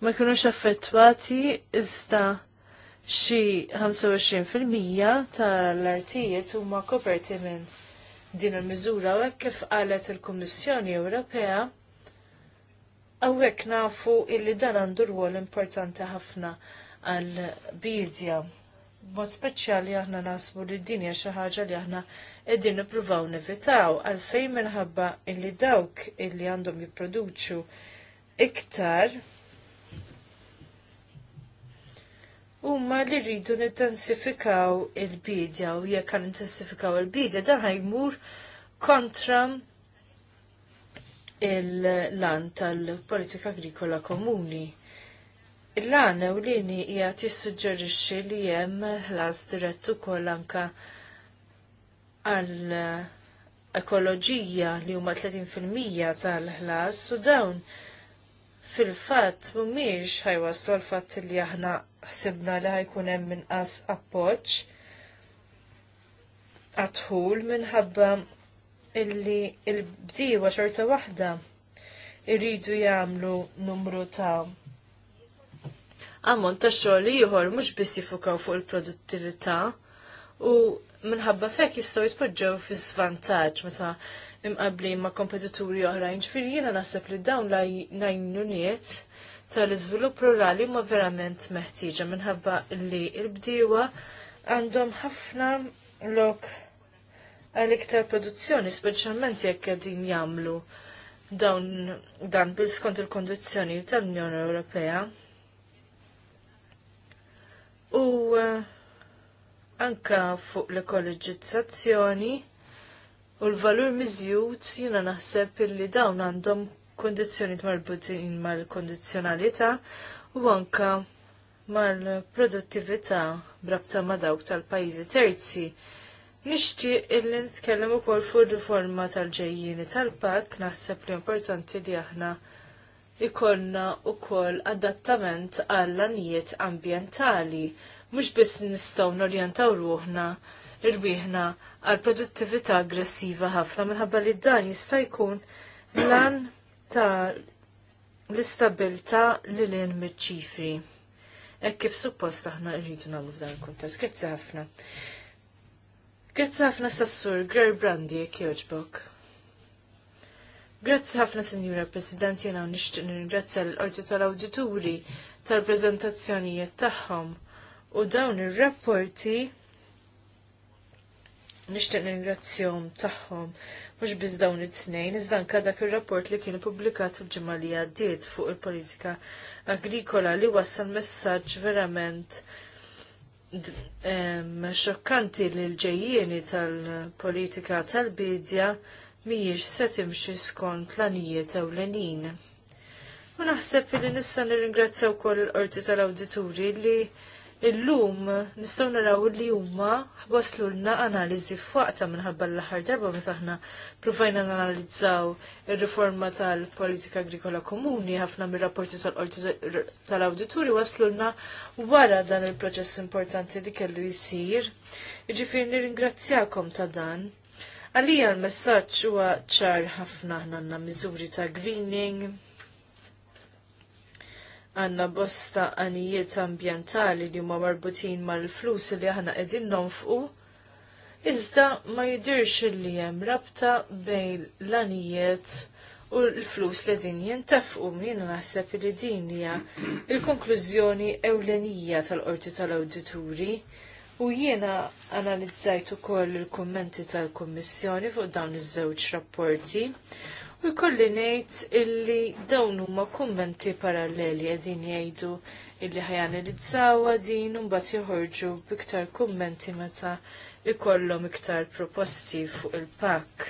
ma kienux affettwati iżda xi 25% tal-artijiet huma koperti minn din il-miżura u hekk kif qalet il-Kummissjoni Ewropea hawnhekk nafu illi dan għandu rwol importanti ħafna għal bidja. Mod speċjali aħna nasbu li din hija xi ħaġa li aħna qegħdin nippruvaw nevitaw għalfejn minħabba illi dawk illi għandhom jipproduċu iktar huma li rridu nintensifikaw il-bidja u jekk għan intensifikaw il-bidja dan ħajmur kontra il-lan tal-politika agrikola komuni. Il-lan ewlieni hija tissuġġerixxi li hemm ħlas dirett ukoll anke għall ekoloġija li huma 30% tal-ħlas u dawn fil-fatt mhumiex ħajwaslu għal fatt li aħna ħsibna li ħajkun hemm inqas appoġġ għadħul minħabba illi il-bdiewa xorta waħda irridu jagħmlu numru ta' ammont ta' xogħol ieħor mhux biss jifukaw fuq il-produttività u minħabba fek jistgħu jitpoġġew fi svantaġġ meta imqabli ma' kompetituri oħrajn. Ġifieri jiena naħseb li dawn lajnuniet tal-iżvilupp rurali huma verament meħtieġa minħabba li l-bdiewa għandhom ħafna lok għal iktar produzzjoni, speċjalment jekk qegħdin jagħmlu dawn dan bil skont il-kondizzjoni tal-Unjoni Ewropea. U eh, anka fuq l-ekoloġizzazzjoni u l-valur miżjud jiena naħseb illi dawn għandhom kondizjoni marbutin mal-kondizjonalità u anka mal-produttività brabta ma' dawk tal-pajjiżi terzi. Nixtieq illi nitkellem ukoll fuq riforma tal-ġejjieni tal-pak naħseb li importanti li aħna ikollna ukoll adattament għall-anijiet ambjentali mhux biss nistgħu norjentaw ruħna irbieħna għal produttività aggressiva ħafna minħabba li dan jista' jkun lan ta' l-istabilta li l-in mit-ċifri. Ek kif suppost aħna rridu nagħmlu f'dan il-kuntest. Grazzi ħafna. Grazzi ħafna sassur, Grer Brandi, kjoġbok. Grazzi ħafna, Sinjura President, jena nixtieq nirringrazzja l-qorti tal-awdituri tal preżentazzjonijiet tagħhom u dawn ir-rapporti nixtieq ningrazzjom tagħhom mhux biss dawn it-tnejn, iżda anke dak ir-rapport li kien ippubblikat fil ġimgħa li għaddiet fuq il-politika agrikola li wassal messaġġ verament xokkanti li l-ġejjieni tal-politika tal-bidja mhijiex se timxi skont l-anijiet ewlenin. U naħseb li nista' nirringrazzja wkoll l-qorti tal-awdituri li Illum nistgħu naraw li huma lna analiżi f'waqta minħabba l-aħħar darba meta aħna pruvajna nanalizzaw ir-riforma tal-politika agrikola komuni ħafna mir-rapporti tal-qorti tal-awdituri waslulna wara dan il-proċess importanti li kellu jsir. Jiġifieri nirringrazzjakom ta' dan. Għalija l messaġġ huwa ċar ħafna għandna miżuri ta' greening, għanna bosta għanijiet ambientali li huma marbutin mal-flus li aħna qegħdin nonfqu, iżda ma jidirx li hemm rabta bejn l-għanijiet u l-flus li din jentafqu jiena naħseb li din hija il-konklużjoni ewlenija tal-qorti tal-awdituri u jiena analizzajt ukoll il-kummenti tal-Kummissjoni fuq dawn iż-żewġ rapporti Kolli ngħid illi dawn huma kummenti paralleli qegħdin jgħidu illi ħajanalizzaw din u joħorġu b'iktar kummenti meta ikollhom iktar proposti fuq il pak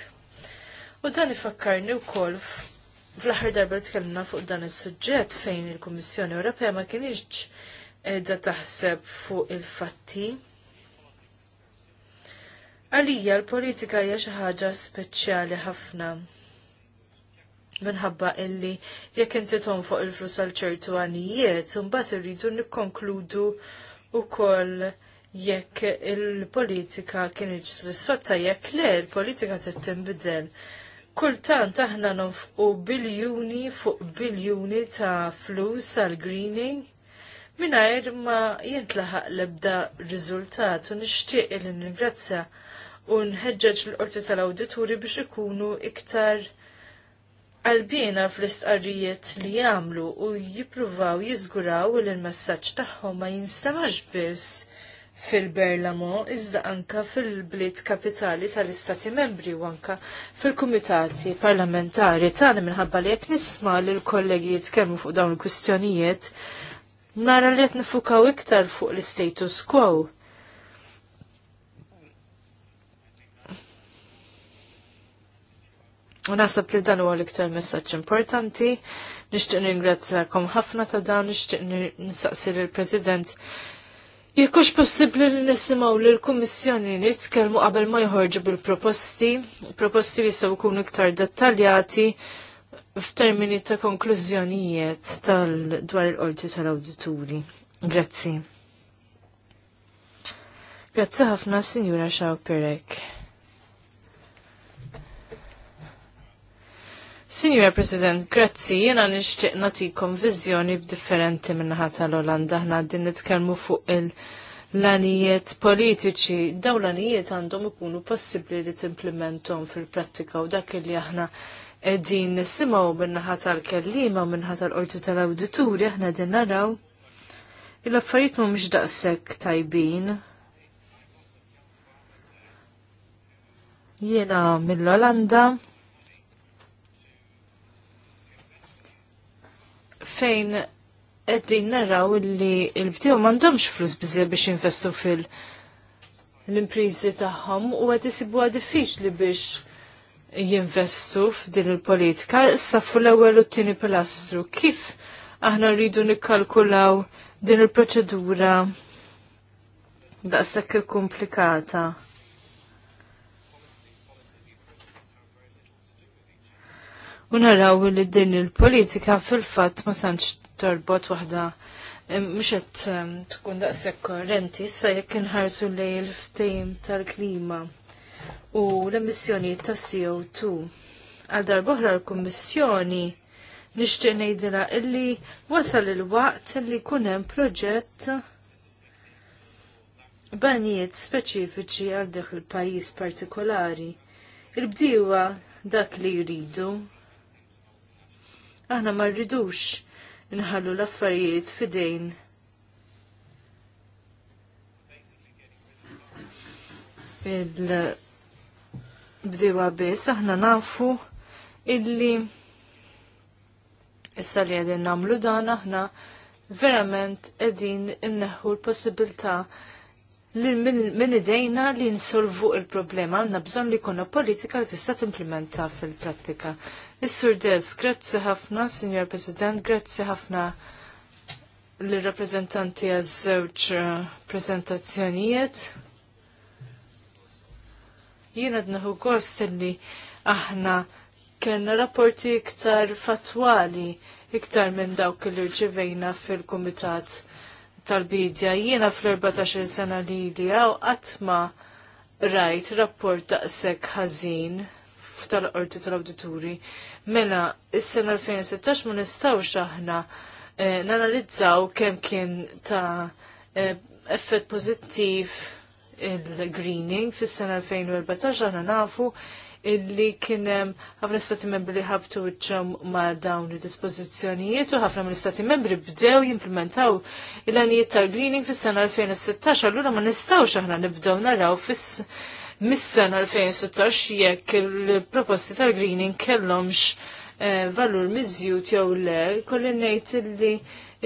U dan ifakkarni wkoll fl-aħħar darba tkellimna fuq dan is-suġġett fejn il-Kummissjoni Ewropea ma kienx qiegħda taħseb fuq il-fatti. Għalija l-politika hija xi ħaġa speċjali ħafna minħabba illi jekk inti fuq il-flus għal ċertu għanijiet, mbagħad irridu nikkonkludu wkoll jekk il-politika kienet sodisfatta jekk le il politika trid tinbidel. Kultant aħna nonfqu biljuni fuq biljuni ta' flus għal greening mingħajr ma jintlaħaq l-ebda riżultat u nixtieq li ningrazzja u nħeġġeġ l-qorti tal-awdituri biex ikunu iktar għalbina fl-istqarrijiet li jamlu u jippruvaw jiżguraw li l-messaġġ tagħhom ma jinstemax biss fil-Berlamo iżda anka fil-bliet kapitali tal-Istati Membri u anka fil-Kumitati Parlamentari tagħna minħabba li jekk nisma' li l-kollegi jitkellmu fuq dawn il-kwistjonijiet nara li qed nifukaw iktar fuq l-status quo U nasab li dan huwa l-iktar messaġġ importanti. Nixtieq ningrazzjakom ħafna ta' dan, nixtieq nsaqsi lill-President Jekkux possibli li nisimaw li l-Kommissjoni nitkellmu qabel ma jħorġu bil-proposti, proposti li jistgħu jkunu iktar dettaljati f'termini ta' konklużjonijiet tal-dwar il-qorti tal-awdituri. Grazzi. Grazzi ħafna, Sinjura Xaw Signora President, grazzi, jena nishtiq natikom vizjoni b'differenti minnaħat tal-Olanda. Ħna għaddin nitkellmu fuq il-lanijiet politiċi. Daw lanijiet għandhom ikunu possibli li timplementom fil-prattika u dak li aħna din nisimaw minnaħat tal-kellima u minnaħat tal-ordu tal-awdituri, aħna għaddin naraw. Il-affarijiet mhumiex daqshekk tajbin, Jiena mill-Olanda fejn qegħdin narraw li l btiju m'għandhomx flus biżej biex jinvestu fil- l-imprizi tagħhom u qed isibuha diffiċli biex jinvestu f'din il-politika. Issa fu l-ewwel u t tini pilastru. Kif aħna rridu nikkalkulaw din il-proċedura daqshekk komplikata? u li din il-politika fil-fatt ma tantx torbot waħda mhux qed tkun daqshekk korrenti issa jekk inħarsu lej il-ftehim tal-klima u l-emissjonijiet ta' CO2. Għal darboħra l-Kummissjoni nixtieq ngħidilha illi wasal il-waqt li jkun hemm proġett banijiet speċifiċi għal dak il-pajjiż partikolari. Il-bdiewa dak li jridu Aħna ma rridux nħallu l-affarijiet fidejn il-bdewa biss, aħna nafu illi issa li għedin namlu dan aħna verament edin inneħu l-possibilta' minn idejna li nsolvu il-problema għanna bżon li kuna politika li tista' implementa fil-prattika. Is-Sur Des, grazzi ħafna, Signor President, grazzi ħafna li rappresentanti għaż-żewġ eh, prezentazzjonijiet. Jiena dnaħu gost li aħna kellna rapporti iktar fatwali iktar minn dawk li ġivejna fil-Kumitat tal-bidja jiena fl-14 sena li li għaw għatma rajt rapport daqsek ħażin tal-qorti tal-awdituri. Mela, s sena 2016 ma nistawx aħna eh, nanalizzaw kemm kien ta' eh, effett pożittiv il-greening fis-sena 2014 aħna nafu illi kien ħafna stati membri ħabtu ċom ma' dawn il-dispożizzjonijiet u ħafna mill Stati membri bdew jimplementaw il-għanijiet tal-greening fis-sena 2016, allura ma nistawx aħna nibdew naraw fis mis-sena 2016 jekk il-proposti tal-greening kellhomx eh, valur miżjut jew le, kolli ngħid illi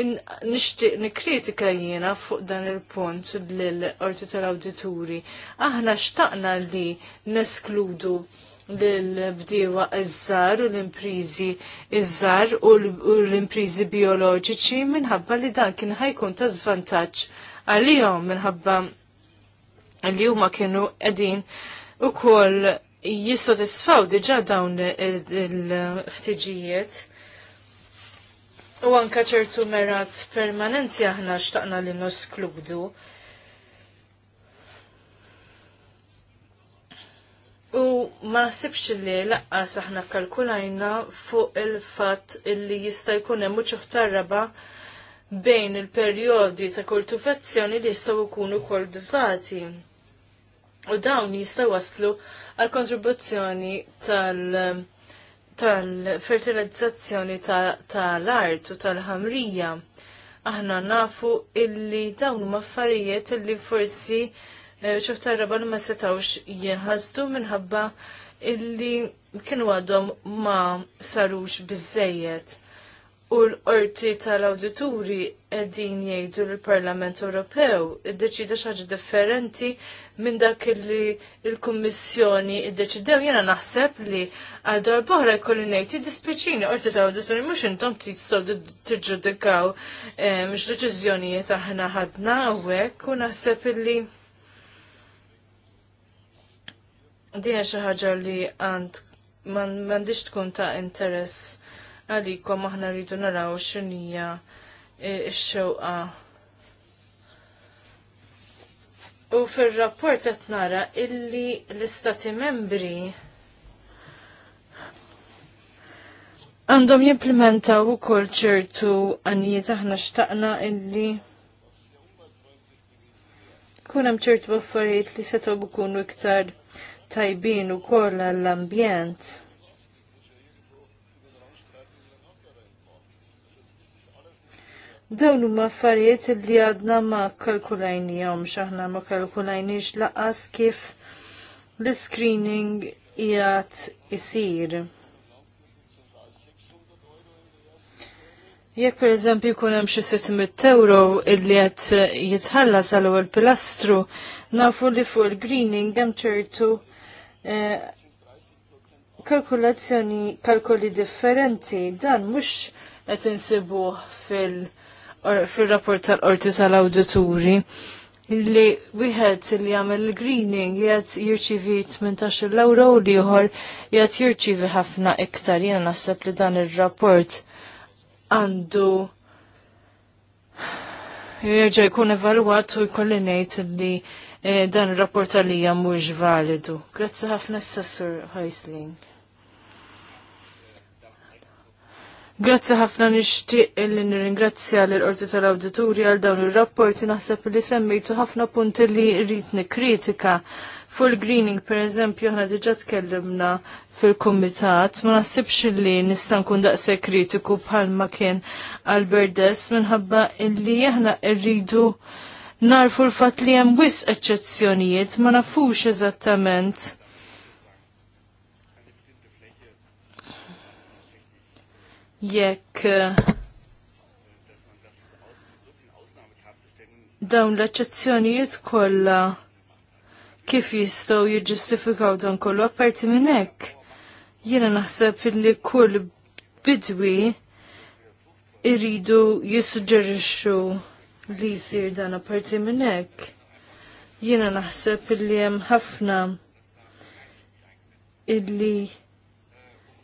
nishtiq nikkritika jiena fuq dan il-punt l-orti tal-awdituri. Aħna xtaqna li neskludu l-bdiewa iż-żar u l-imprizi iż-żar u l-imprizi bioloġiċi minħabba li dan kien ħajkun ta' zvantaġġ għalihom minħabba li huma kienu qegħdin ukoll jissodisfaw diġà dawn il-ħtiġijiet. U anka ċertu merat permanenti aħna xtaqna li noskludu U ma sibx li laqqas aħna kalkulajna fuq il-fatt illi jista' jkun hemm uċuħ tarraba bejn il-perjodi ta' kultivazzjoni li jistgħu jkunu kultivati. U dawn jistgħu waslu għal kontribuzzjoni tal- tal-fertilizzazzjoni tal-art u tal-ħamrija. Aħna nafu illi dawn huma affarijiet illi forsi Eh, ċuħ tarraba li ma setawx jinħazdu minħabba illi kienu għadhom ma sarux bizzejiet. U l-qorti tal-awdituri edin jgħidu l-Parlament Ewropew id-deċida xaġa differenti minn dak li l-Kummissjoni id-deċidew jena naħseb li għal darbohra jkolli ngħid dispiċini qorti tal-awdituri mhux intom tistgħu tiġġudikaw eh, mhux deċiżjonijiet aħna ħadna hawnhekk u naħseb illi Din xi ħaġa li għand m'għandix tkun ta' interess għalikwa aħna rridu naraw x'inhija x-xewqa. U fir-rapport qed nara illi l-istati membri Għandhom jimplementaw u ċertu għanijiet aħna xtaqna illi kunem ċertu affarijiet li setgħu jkunu iktar tajbin u koll għall-ambjent. Dawn huma affarijiet li għadna ma kalkulajnijhom x'aħna ma kalkulajniex laqas kif l-screening qiegħed isir. Jekk per eżempju jkun hemm xi 600 euro illi qed jitħallas għal ewwel pilastru, nafu li fuq il-greening hemm ċertu Eh, kalkulazzjoni kalkoli differenti dan mhux qed insibuh fil fil-rapport tal-qorti tal-awdituri li wieħed li jagħmel greening jgħid jirċivi 18 euro u ieħor jgħid jirċivi ħafna iktar jiena naħseb li dan ir-rapport għandu jirġa' jkun evalwat u jkolli ngħid li Eh, dan ir-rapport għalija mhux validu. Grazzi ħafna s sessur Heisling. Grazzi ħafna nixtieq li nirringrazzja l qorti tal auditori għal dawn ir-rapporti naħseb li semmejtu ħafna punti li rrid nikkritika. Full greening, per eżempju, ħna diġa tkellimna fil-komitat, ma naħsibx li nista' nkun daqse kritiku bħalma kien Albert Dess minħabba illi aħna rridu il narfu l-fat li hemm wis eċċezzjonijiet ma nafux eżattament. Jekk eh, dawn l-eċċezzjonijiet kollha kif jistgħu jiġġustifikaw dan kollu apparti minn hekk. Jiena naħseb li kull bidwi iridu jissuġġerixxu li jisir dan apparti minn hekk. Jiena naħseb illi hemm ħafna illi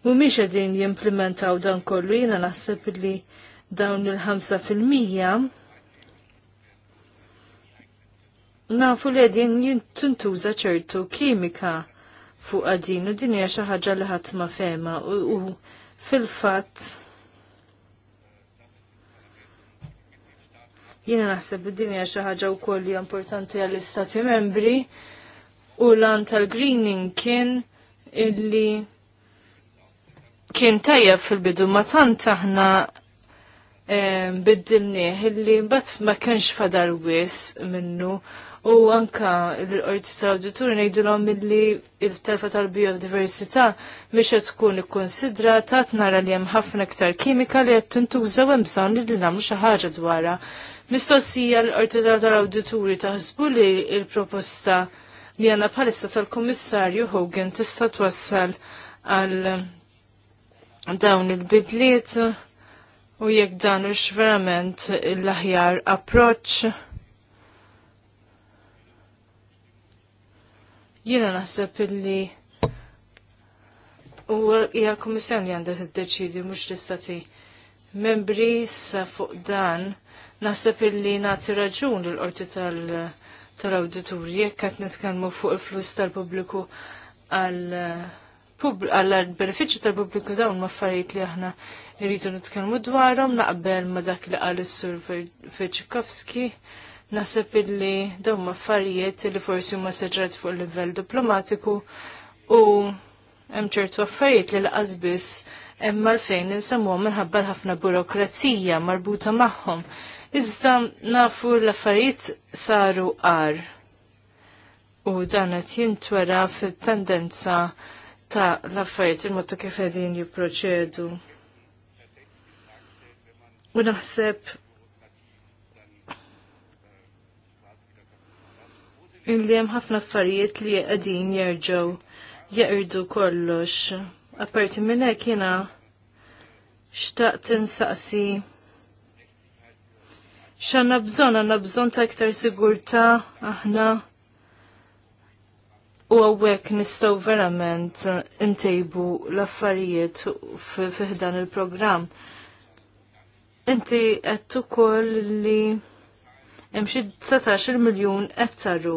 mhumiex qegħdin jimplementaw dan kollu, jiena naħseb illi dawn il-5 fil-mija nafu li għedin jintuntuża ċertu kimika fuq għadin u din hija xi ħaġa li ħadd ma fema u fil-fatt Jiena naħseb id-dinja xi ħaġa wkoll hija importanti għall-Istati Membri u lan tal-greening kien illi kien tajjeb fil-bidu ma tant aħna e, eh, biddilnieh illi mbagħad ma kienx fadal wis minnu u anka l-qorti tal-awdituri ngħidulhom milli il-telfa tal-biodiversità mhix qed tkun ikkonsidrata nara li hemm ħafna iktar kimika li qed tintużaw hemm bżonn li nagħmlu xi ħaġa dwarha. Mistoqsija l-Qorti tal-Awdituri taħsbu li il-proposta li għanna bħalissa tal-Kummissarju Hogan tista' twassal għal um, dawn il-bidliet u jekk dan ux verament l-aħjar approċ. Jiena naħseb illi u hija l-Kummissjoni li għandha tiddeċidi mhux l-istati membri sa fuq dan Naħseb illi nagħti raġun l qorti tal-awditurji jekk qed nitkellmu fuq il-flus tal-pubbliku għall-benefiċċju tal-pubbliku dawn ma' li aħna rridu nitkellmu dwarhom naqbel ma' dak li qal is-Sur Feċikowski. Nasib illi dawn ma' affarijiet li forsi huma seġrat fuq il-livell diplomatiku u hemm ċertu affarijiet li laqas biss hemm l-fejn minħabba l-ħafna burokrazija marbuta magħhom. Iżda nafu l-affarijiet saru għar u dan qed jintwera fit-tendenza ta' l-affarijiet il-mod ta' kif qegħdin jipproċedu. U naħseb Illi hemm ħafna affarijiet li qegħdin jerġgħu jaqirdu kollox. Apparti minn hekk jiena xtaqt insaqsi xanna bżon, għanna bżon ta' iktar sigurta aħna u għawek nistaw verament intejbu l-affarijiet fiħdan il-program. Inti għettu koll li jemxid 19 miljon ettaru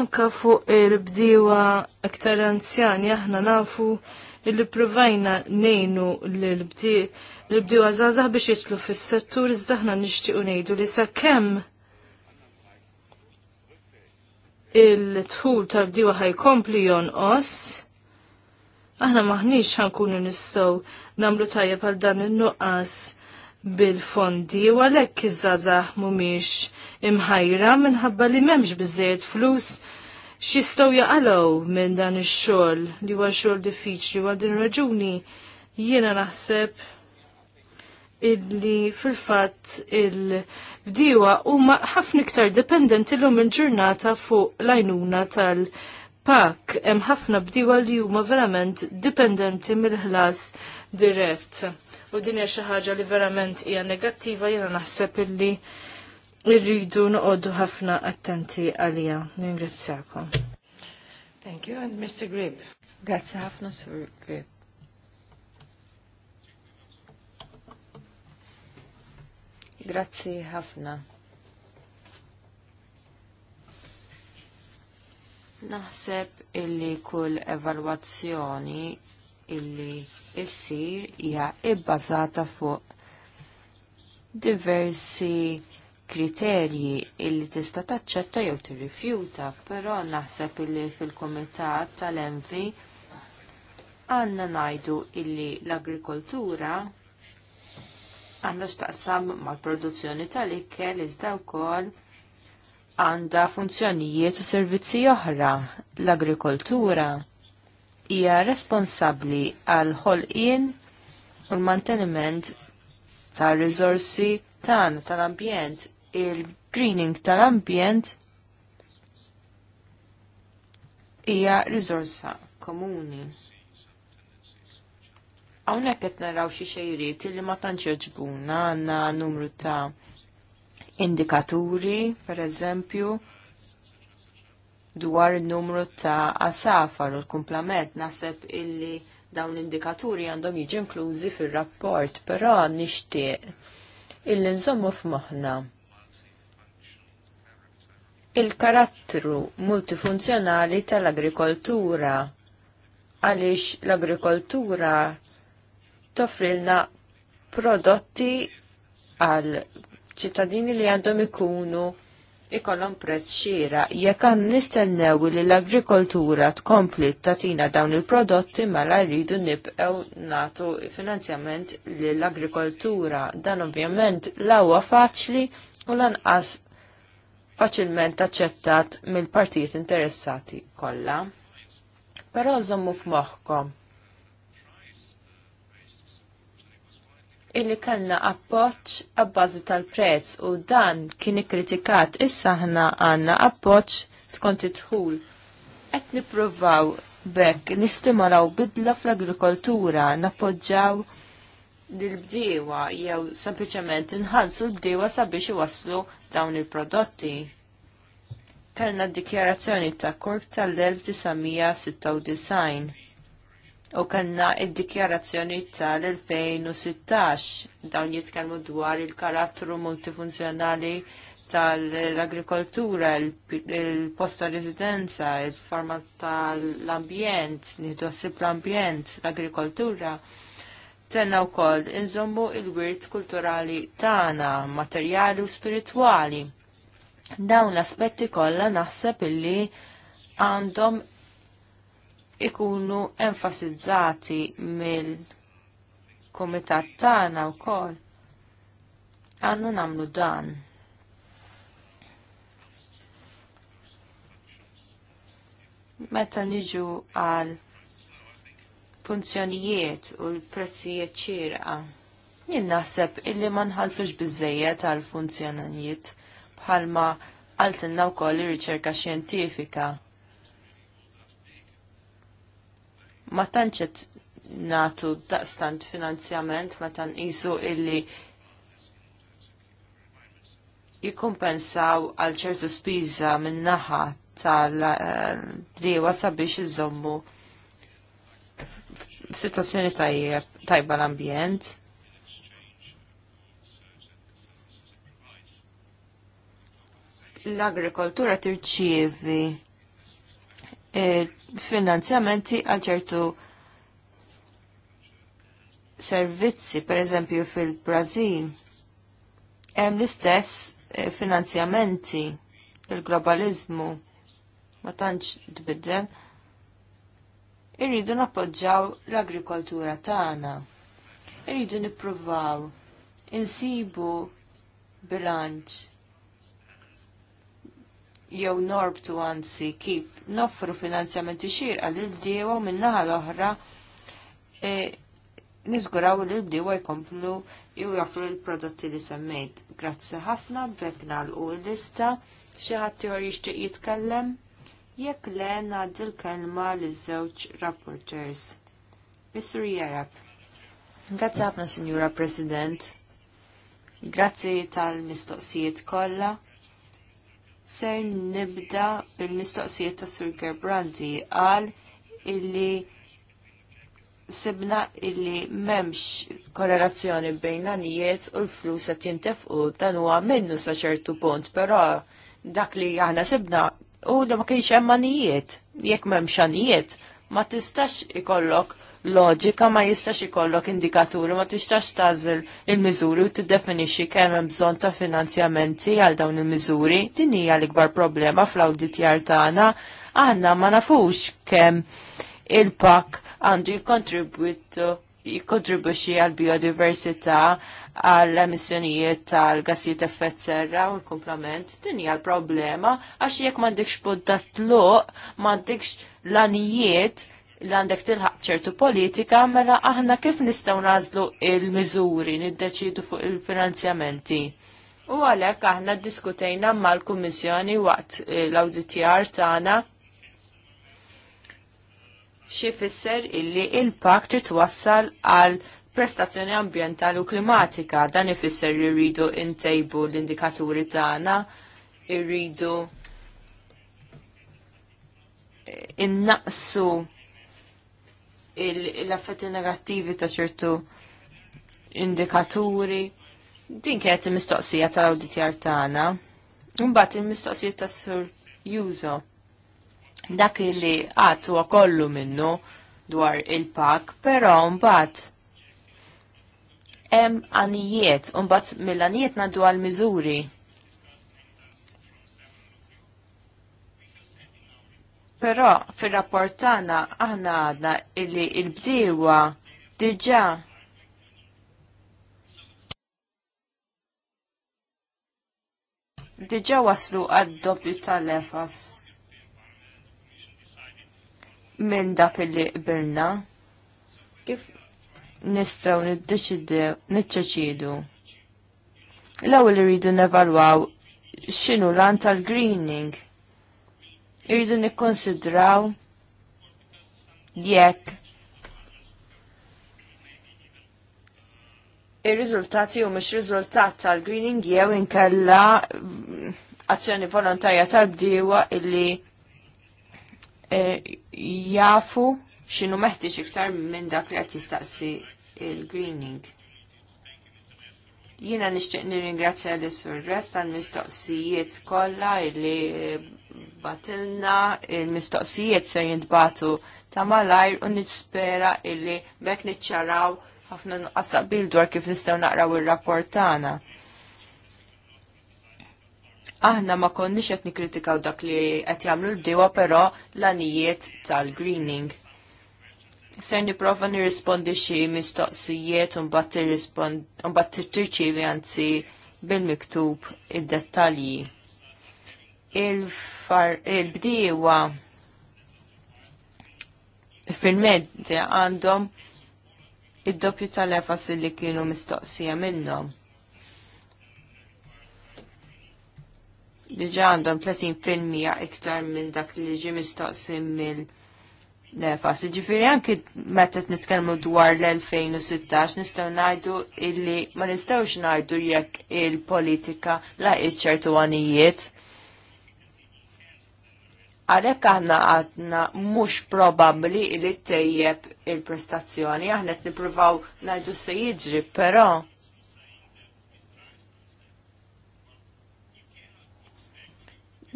anka fuq il bdiwa aktar anzjani aħna nafu illi provajna nejnu l-bdiewa zazah biex jitlu fis-settur iżda aħna nixtiequ ngħidu li sakemm il-tħul tal-bdiewa ħajkompli jonqos, aħna maħniex ħankunu nistgħu nagħmlu tajjeb għal dan in-nuqqas bil-fondi u għalhekk iż-żgħażagħ mhumiex imħajra minħabba li m'hemmx biżejjed flus xistow jaqalgħu minn dan ix-xogħol li huwa xogħol diffiċli u għal din raġuni jiena naħseb illi fil-fatt il bdiwa huma ħafna iktar dipendenti l-lum il-ġurnata fuq l-għajnuna tal- pak hemm ħafna bdiewa li huma verament dipendenti mill-ħlas dirett u din hija xi ħaġa li verament hija negattiva jiena naħseb illi irridu noqogħdu ħafna attenti għalija. Ningrazzjakom. Thank you and Mr. Grib. Grazzi ħafna Sur Grib. Grazzi ħafna. Naħseb illi kull evalwazzjoni illi il-sir hija ibbażata fuq diversi kriterji illi tista' taċċetta jew tirrifjuta, però naħseb illi fil-Kumitat tal-Envi għandna ngħidu illi l-agrikoltura għandha x'taqsam mal-produzzjoni tal-ikel iżda wkoll għandha funzjonijiet u servizzi oħra. L-agrikoltura hija responsabbli għal ħolqien u l-manteniment tar riżorsi tan tal-ambjent, il-greening tal-ambjent hija riżorsa komuni. Hawnhekk qed naraw xi xejriet li ma tantx joġbuna għandna numru ta' indikaturi, per eżempju, dwar il-numru ta' asafar u l-kumplament naseb illi dawn l-indikaturi għandhom jiġi inklużi fil-rapport, però nixtieq illi nżommu f'moħħna il-karattru multifunzjonali tal-agrikoltura għaliex l-agrikoltura toffrilna prodotti għal ċittadini li għandhom ikunu ikollhom prezz xira jekk għan nistennew li l-agrikoltura tkompli tatina dawn il-prodotti mela rridu nibqew natu finanzjament l-agrikoltura dan ovvjament lawa faċli u lanqas faċilment aċċettat mill-partijiet interessati kollha. Però żommu f'moħħkom illi kellna appoġġ għabbażi tal-prezz u dan kien ikkritikat issa ħna għandna appoġġ skont idħul. Qed nippruvaw bekk nistimolaw bidla fl-agrikoltura, nappoġġaw lill-bdiewa jew sempliċement inħallsu l-bdiewa sabiex iwasslu dawn il-prodotti. Kellna d dikjarazzjoni ta' Kork tal-1996 u kanna id-dikjarazzjoni tal-2016 dawn jitkellmu dwar il-karattru multifunzjonali tal-agrikoltura, il posta residenza, il-forma tal-ambjent, nidwassib l-ambjent, l-agrikoltura. Tenna u koll, inżommu il-wirt kulturali tana, materjali u spirituali. Dawn l-aspetti kollha naħseb illi għandhom ikunu enfasizzati mill-komitat tagħna wkoll għandna nagħmlu dan. Meta niġu għal funzjonijiet u l-prezzijiet ċirqa. Jien naħseb illi ma nħallsux biżejjed għal funzjonijiet bħalma għaltinna wkoll ir-riċerka xjentifika. ma tanċet natu daqstant finanzjament ma tan isu illi jikompensaw għal ċertu spiża minn naħa tal liwa eh, sabiex iżommu situazzjoni tajba l-ambjent. L-agrikoltura tirċievi eh, finanzjamenti għal ċertu servizzi, per eżempju fil-Brazil, hemm l-istess eh, finanzjamenti il-globalizmu ma tantx tbiddel, irridu nappoġġaw l-agrikoltura tagħna. Irridu nippruvaw insibu bilanċ jew norbtu anzi kif noffru finanzjamenti xirqa lil bdiewa minnaħa l-oħra e, nizguraw li l-bdiewa jkomplu jew jaffru l-prodotti li semmejt. Grazzi ħafna, bekna l-lista, xi ħadd jixtieq jitkellem jekk le ngħaddi il kelma li żewġ rapporters. Mr. jarab. Grazzi ħafna, Signora President. Grazzi tal-mistoqsijiet kollha. Ser nibda bil-mistoqsijiet ta' Sur Gerbrandi għal illi sibna illi memx korrelazzjoni bejn l-anijiet u l-flus għat jintefqu dan huwa minnu sa ċertu punt, però dak li aħna sibna u li ma kienx hemm anijiet, jekk m'hemmx anijiet ma tistax ikollok loġika ma jistax ikollok indikaturi ma tistax tażel il-miżuri u tiddefinixxi kemm hemm bżonn ta' finanzjamenti għal dawn il-miżuri. Din hija l-ikbar problema fl-awditjar tagħna aħna ma nafux kemm il-pak għandu jikontribuxi għal biodiversità għall emissjonijiet tal-gassijiet effett serra u l-komplement, din hija l-problema għax jekk m'għandekx poddat tluq, m'għandekx lanijiet l-għandek tilħaq ċertu politika, mela aħna kif nistaw nażlu il-miżuri niddeċidu fuq il-finanzjamenti. U għalek aħna diskutejna mal-Kummissjoni waqt eh, l-auditjar tagħna xi fisser illi il-pak trid wassal għal prestazzjoni ambjentali u klimatika dan ifisser li rridu intejbu l-indikaturi tagħna, irridu eh, innaqsu l-affetti negattivi ta' ċertu indikaturi. Din kienet il-mistoqsija tal-auditjar tagħna. Imbagħad il-mistoqsija tas sur Juso. Dak li għad huwa kollu minnu dwar il-pak, però mbagħad hemm anijiet, u mbagħad mill anijiet ngħaddu għal miżuri Però fil rapport tagħna aħna għadna illi l-bdiewa diġà diġà waslu għad dobju tal-lefas minn dak illi qbilna. Kif nistgħu niddeċidu l-ewwel iridu nevalwaw x'inhu lan tal-greening irridu nikkonsidraw jekk ir-riżultati u mhux riżultat tal-greening jew inkella azzjoni volontarja tal-bdiewa illi eh, jafu x'inhu meħtieġ iktar minn dak li qed jistaqsi il-greening. Jiena nixtieq nirringrazzja l sur rest tal-mistoqsijiet kollha illi batilna il-mistoqsijiet se jintbatu ta' malajr u nispera illi mek niċċaraw ħafna nuqqas taqbil dwar kif nistgħu naqraw ir-rapport tagħna. Aħna ma konniex qed nikkritikaw dak li qed jagħmlu l-bdiewa però l-anijiet tal-greening. Ser nipprova nirrispondi xi mistoqsijiet u mbagħad tirċievi anzi bil-miktub id-dettalji il-bdiewa il fil-medja għandhom id-doppju tal-efas li kienu mistoqsija minnhom. Diġa għandhom 30% iktar minn dak li ġi mistoqsi mill efas Ġifiri anki meta nitkellmu dwar l-2016 nistgħu ngħidu illi ma nistgħux ngħidu jekk il-politika la għanijiet Għalhekk aħna għadna mhux probabbli li tejjeb il-prestazzjoni, aħna qed nippruvaw ngħidu se jiġri, però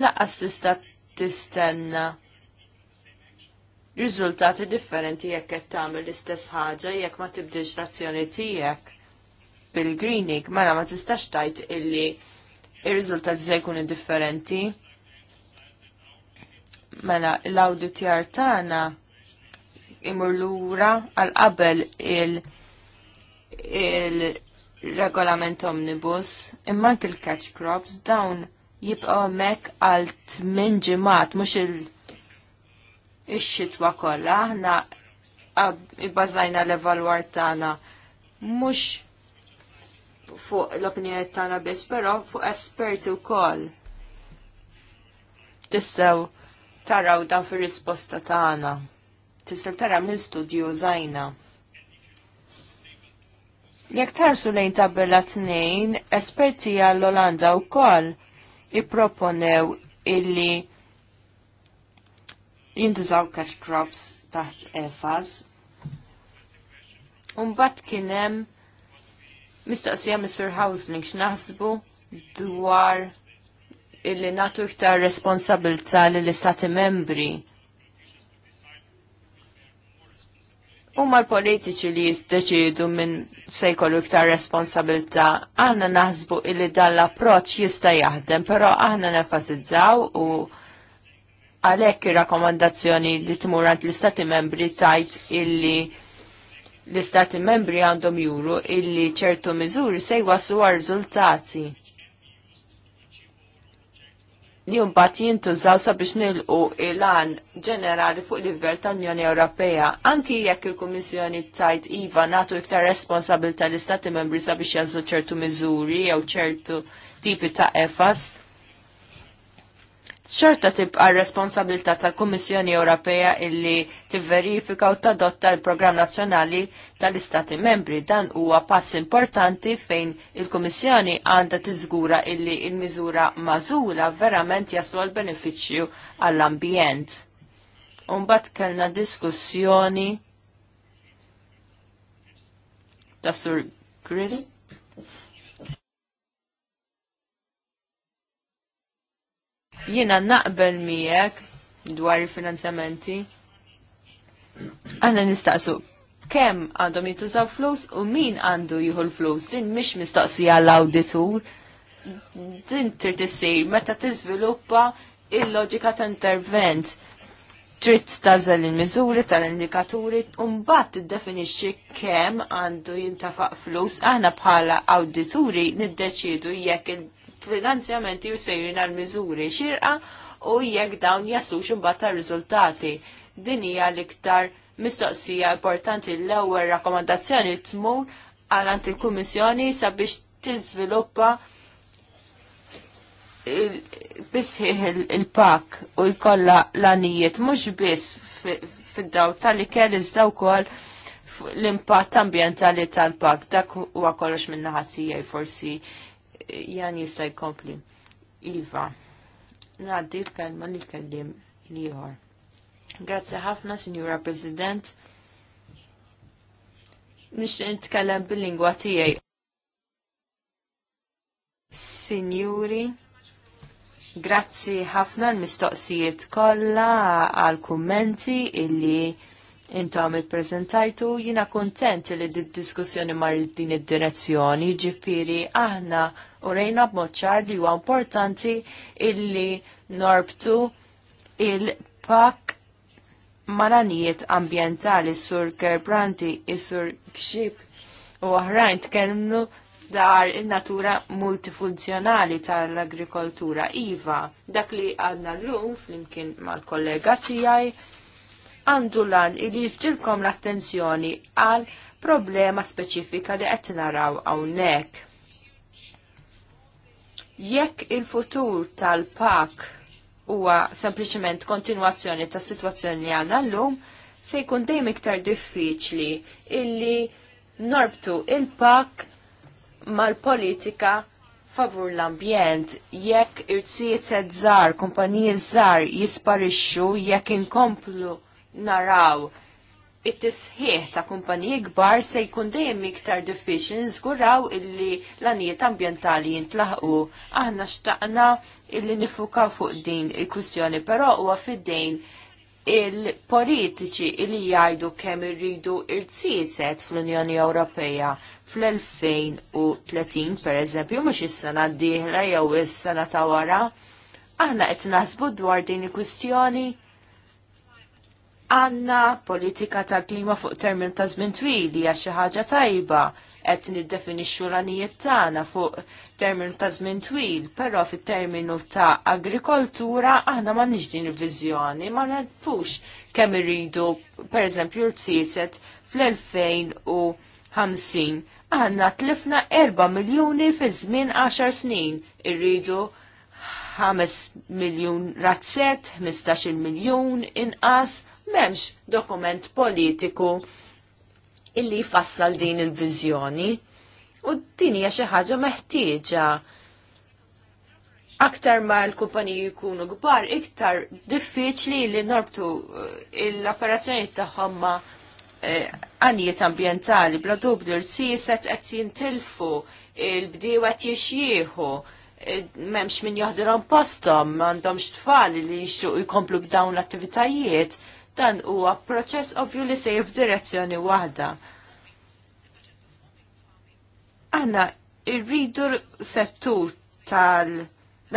laqas tista' tistenna riżultati differenti jekk qed tagħmel l-istess ħaġa jekk ma tibdilx l-azzjoni tiegħek bil-greening mela ma tistax tajt illi ir-riżultati se jkunu differenti. Mela, l-auditjar tagħna imur lura għal qabel il-regolament il omnibus imma anke il-catch crops dawn jibqgħu hemmhekk għal tmien ġimgħat mhux il-xitwa kollha aħna ibbażajna l-evalwar tagħna mhux fuq l-opinjoni tagħna biss, però fuq esperti wkoll. Tistgħu taraw dan fir-risposta tagħna. Tistgħu taraw mill-studju żajna. Jekk tarsu lejn tabella tnejn, esperti għall-Olanda u koll ipproponew illi jintużaw cash crops taħt EFAS. Umbat kienem mistoqsija Mr. Housling x'naħsbu dwar illi natu iktar responsabilta li l-istati membri. u l-politiċi li jiddeċidu minn se jkollu iktar responsabilta, aħna naħsbu illi dan l-approċ jista jaħdem, pero aħna nefasizzaw u għalhekk ir-rakkomandazzjoni li tmurant l-istati membri tajt illi l-istati membri għandhom juru illi ċertu miżuri se jwaslu rizultati. riżultati li mbagħad jintużaw sabiex nilqu il-għan ġenerali fuq livell tal-Unjoni Ewropea, anki jekk il-Kummissjoni tajt iva natu iktar responsabilta l-Istati membri sabiex jażlu ċertu miżuri jew ċertu tipi ta' efas, xorta tibqa' responsabilità tal-Kummissjoni Ewropea illi tivverifika u tadotta l-Programm Nazzjonali tal-Istati Membri. Dan huwa pass importanti fejn il-Kummissjoni għandha tiżgura illi il-miżura mażula verament jaslu l benefiċċju għall-ambjent. Umbat kellna diskussjoni ta' Sur Crisp Jiena naqbel miegħek dwar il-finanzjamenti. Aħna nistaqsu kemm għandhom jintużaw flus u min għandu jieħu l-flus. Din mhix mistoqsija l-awditur. Din trid issir meta tiżviluppa il-loġika ta' intervent trid tażel il-miżuri tal-indikaturi u mbagħad tiddefinixxi kemm għandu jintafaq flus aħna bħala awdituri niddeċiedu jekk finanzjamenti u sejrin għal miżuri xirqa u jekk dawn jasux imbagħad tar-riżultati. Din hija l-iktar mistoqsija importanti l-ewwel rakkomandazzjoni tmur għal ant il-Kummissjoni sabiex tiżviluppa bisħiħ il-pak u jkollha l-anijiet mhux biss fid-daw tal-ikel iżda wkoll l-impatt ambjentali tal-pak dak huwa kollox minna ħatija forsi jan jista' jkompli. Iva, ngħaddi l-kelma li kellim liħor. Grazzi ħafna, Signora President. Nixtieq nitkellem bil-lingwa tiegħi. Sinjuri, grazzi ħafna l-mistoqsijiet kollha għal kummenti illi intom il-prezentajtu, jina kontent li d-diskussjoni mar din id-direzzjoni, ġifiri aħna u rejna b'moċċar li huwa importanti illi norbtu il-pak malanijiet ambientali sur kerbranti, sur kxib u oħrajn tkellmu dar il-natura multifunzjonali tal-agrikoltura. Iva, dak li għadna l-lum fl-imkien mal-kollega tijaj, għandu lan li jġilkom l-attenzjoni għal problema speċifika li qed naraw hawnhekk. Jekk il-futur tal-pak huwa sempliċement kontinwazzjoni ta' situazzjoni li għandna llum, se jkun dejjem iktar diffiċli illi norbtu il-pak mal-politika favur l-ambjent, jekk irtsijiet żar, kumpaniji zar jisparixxu, jekk inkomplu naraw it tisħieħ ta' kumpaniji kbar se jkun dejjem iktar diffiċli nżguraw illi l-anijiet ambjentali jintlaħqu. Aħna xtaqna illi nifukaw fuq din il-kwistjoni, però huwa fid-dejn il-politiċi illi jgħidu kemm irridu irtsiset fl-Unjoni Ewropea fl-2030 per eżempju, mhux is-sena d-dieħla jew is-sena ta' wara. Aħna qed naħsbu dwar din il-kwistjoni għanna politika tal-klima fuq termin ta' żmien twili għax xi ħaġa tajba qed niddefinixxu l-għanijiet tagħna fuq termin ta' żmien twil, però fit-terminu ta' agrikoltura aħna ma din il-viżjoni, ma nafux kemm irridu pereżempju rtsieset fl-2050. Aħna tlifna 4 miljuni fi żmien 10 snin irridu 5 miljun razzet, 15 miljun inqas, m'hemmx dokument politiku illi jfassal din il-viżjoni. U din hija xi ħaġa meħtieġa aktar ma l-kumpaniji jkunu kbar, iktar diffiċli li norbtu eh, l-operazzjoni tagħhom ma eh, għanijiet ambientali, bla dubju l-siset qed jintilfu, il-bdiewa qed jixjieħu, eh, memx min joħdilhom postom, m'għandhomx tfal li jixtiequ jkomplu b'dawn l-attivitajiet, Dan huwa proċess ovvju li sejf f'direzzjoni waħda. Aħna irridu settur tal-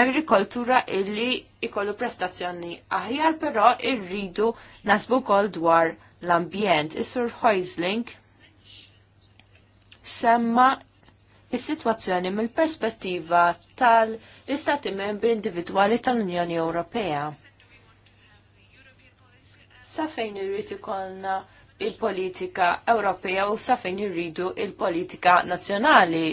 agrikoltura illi ikollu prestazzjoni aħjar, però irridu nasbu kol dwar l-ambjent. Is-sur Heusling semma is-sitwazzjoni mill-perspettiva tal-istati membri individwali tal-Unjoni Ewropea sa fejn irrid ikollna il-politika Ewropea u sa fejn irridu il-politika nazzjonali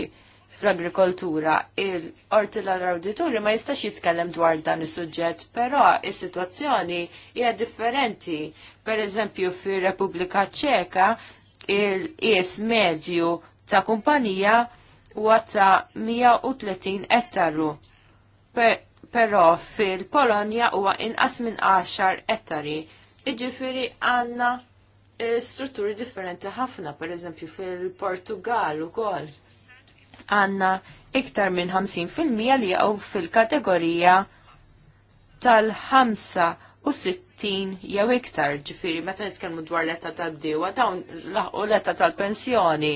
fl-agrikoltura il-orti l-auditori ma jistax jitkellem dwar dan is-suġġett, però is-sitwazzjoni hija differenti. Per eżempju, fir-Repubblika Ċeka il-qies medju ta' kumpanija huwa ta' 130 ettaru. Però fil-Polonja huwa inqas minn 10 ettari. Iġifiri għanna eh, strutturi differenti ħafna, per eżempju fil-Portugal u kol. Għanna iktar minn 50% li għaw fil-kategorija tal 65 jew iktar, ġifiri, meta nitkellmu dwar l-etta tal-bdiewa, ta' u l-etta tal-pensjoni.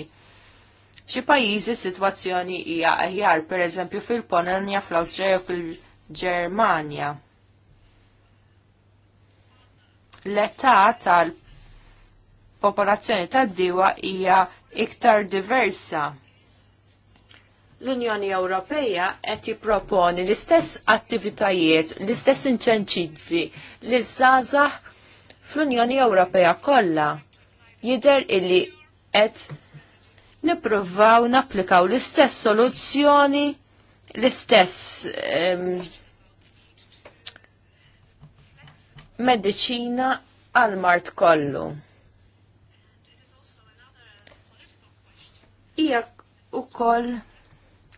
Xi pajjiżi situazzjoni hija aħjar, per eżempju fil-Polonja, fl-Awstrija u fil-Ġermanja. fil polonja fl awstrija fil ġermanja fil fl awstrija u fil ġermanja l-età tal-popolazzjoni tad-diwa hija iktar diversa. L-Unjoni Ewropeja qed jipproponi l-istess attivitajiet, l-istess inċentivi li żgħażagħ fl-Unjoni Ewropeja kollha. Jidher illi qed nippruvaw napplikaw l-istess soluzzjoni l-istess ehm, Medicina għal-mart kollu. Ija u koll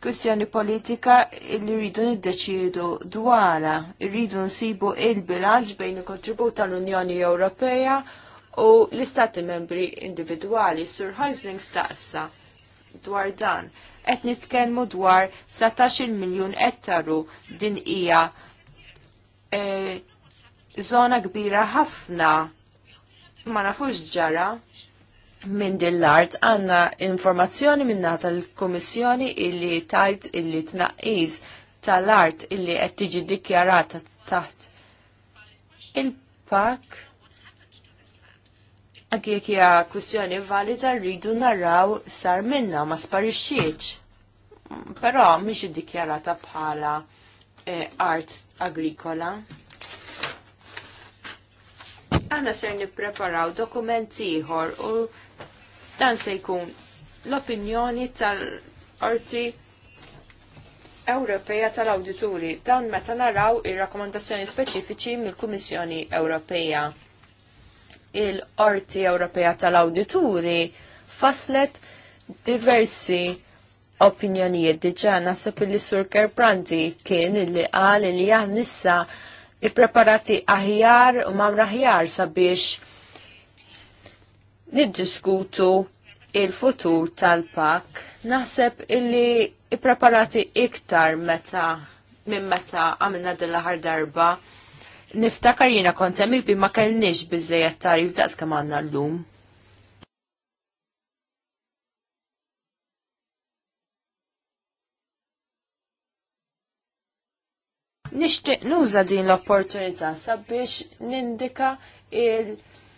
kwestjoni politika li rridu niddeċidu dwara, rridu nsibu il-bilanċ bejn il-kontribut tal-Unjoni Ewropea u l-istati membri individuali sur Heisling staqsa dwar dan. Et nitkellmu dwar 17 miljon ettaru din hija eh, zona kbira ħafna ma nafux ġara minn din l-art għanna informazzjoni minna tal-Komissjoni illi tajt illi tnaqqis tal-art illi qed tiġi dikjarata taħt il-pak Għak jek hija kwistjoni valida rridu naraw sar minna ma sparixxietx, Però mhix iddikjarata bħala eh, art agrikola. Aħna ser nippreparaw dokument ieħor u dan se jkun l-opinjoni tal-Orti Ewropeja tal-Awdituri dawn meta naraw ir-rakkomandazzjoni speċifiċi mill-Kummissjoni Ewropeja. Il-Orti Ewropeja tal-Awdituri faslet diversi opinjonijiet diġà nasab li Sur Kerpranti kien li qal li aħna issa ippreparati aħjar u mamra aħjar sabiex niddiskutu il-futur tal-pak. Naħseb illi ippreparati iktar meta minn meta għamilna dil ħar darba. Niftakar jina kontem bi ma kellniex bizzejet tarif daqs kamanna l-lum. Nixtieq nuża din l-opportunità sabiex nindika il-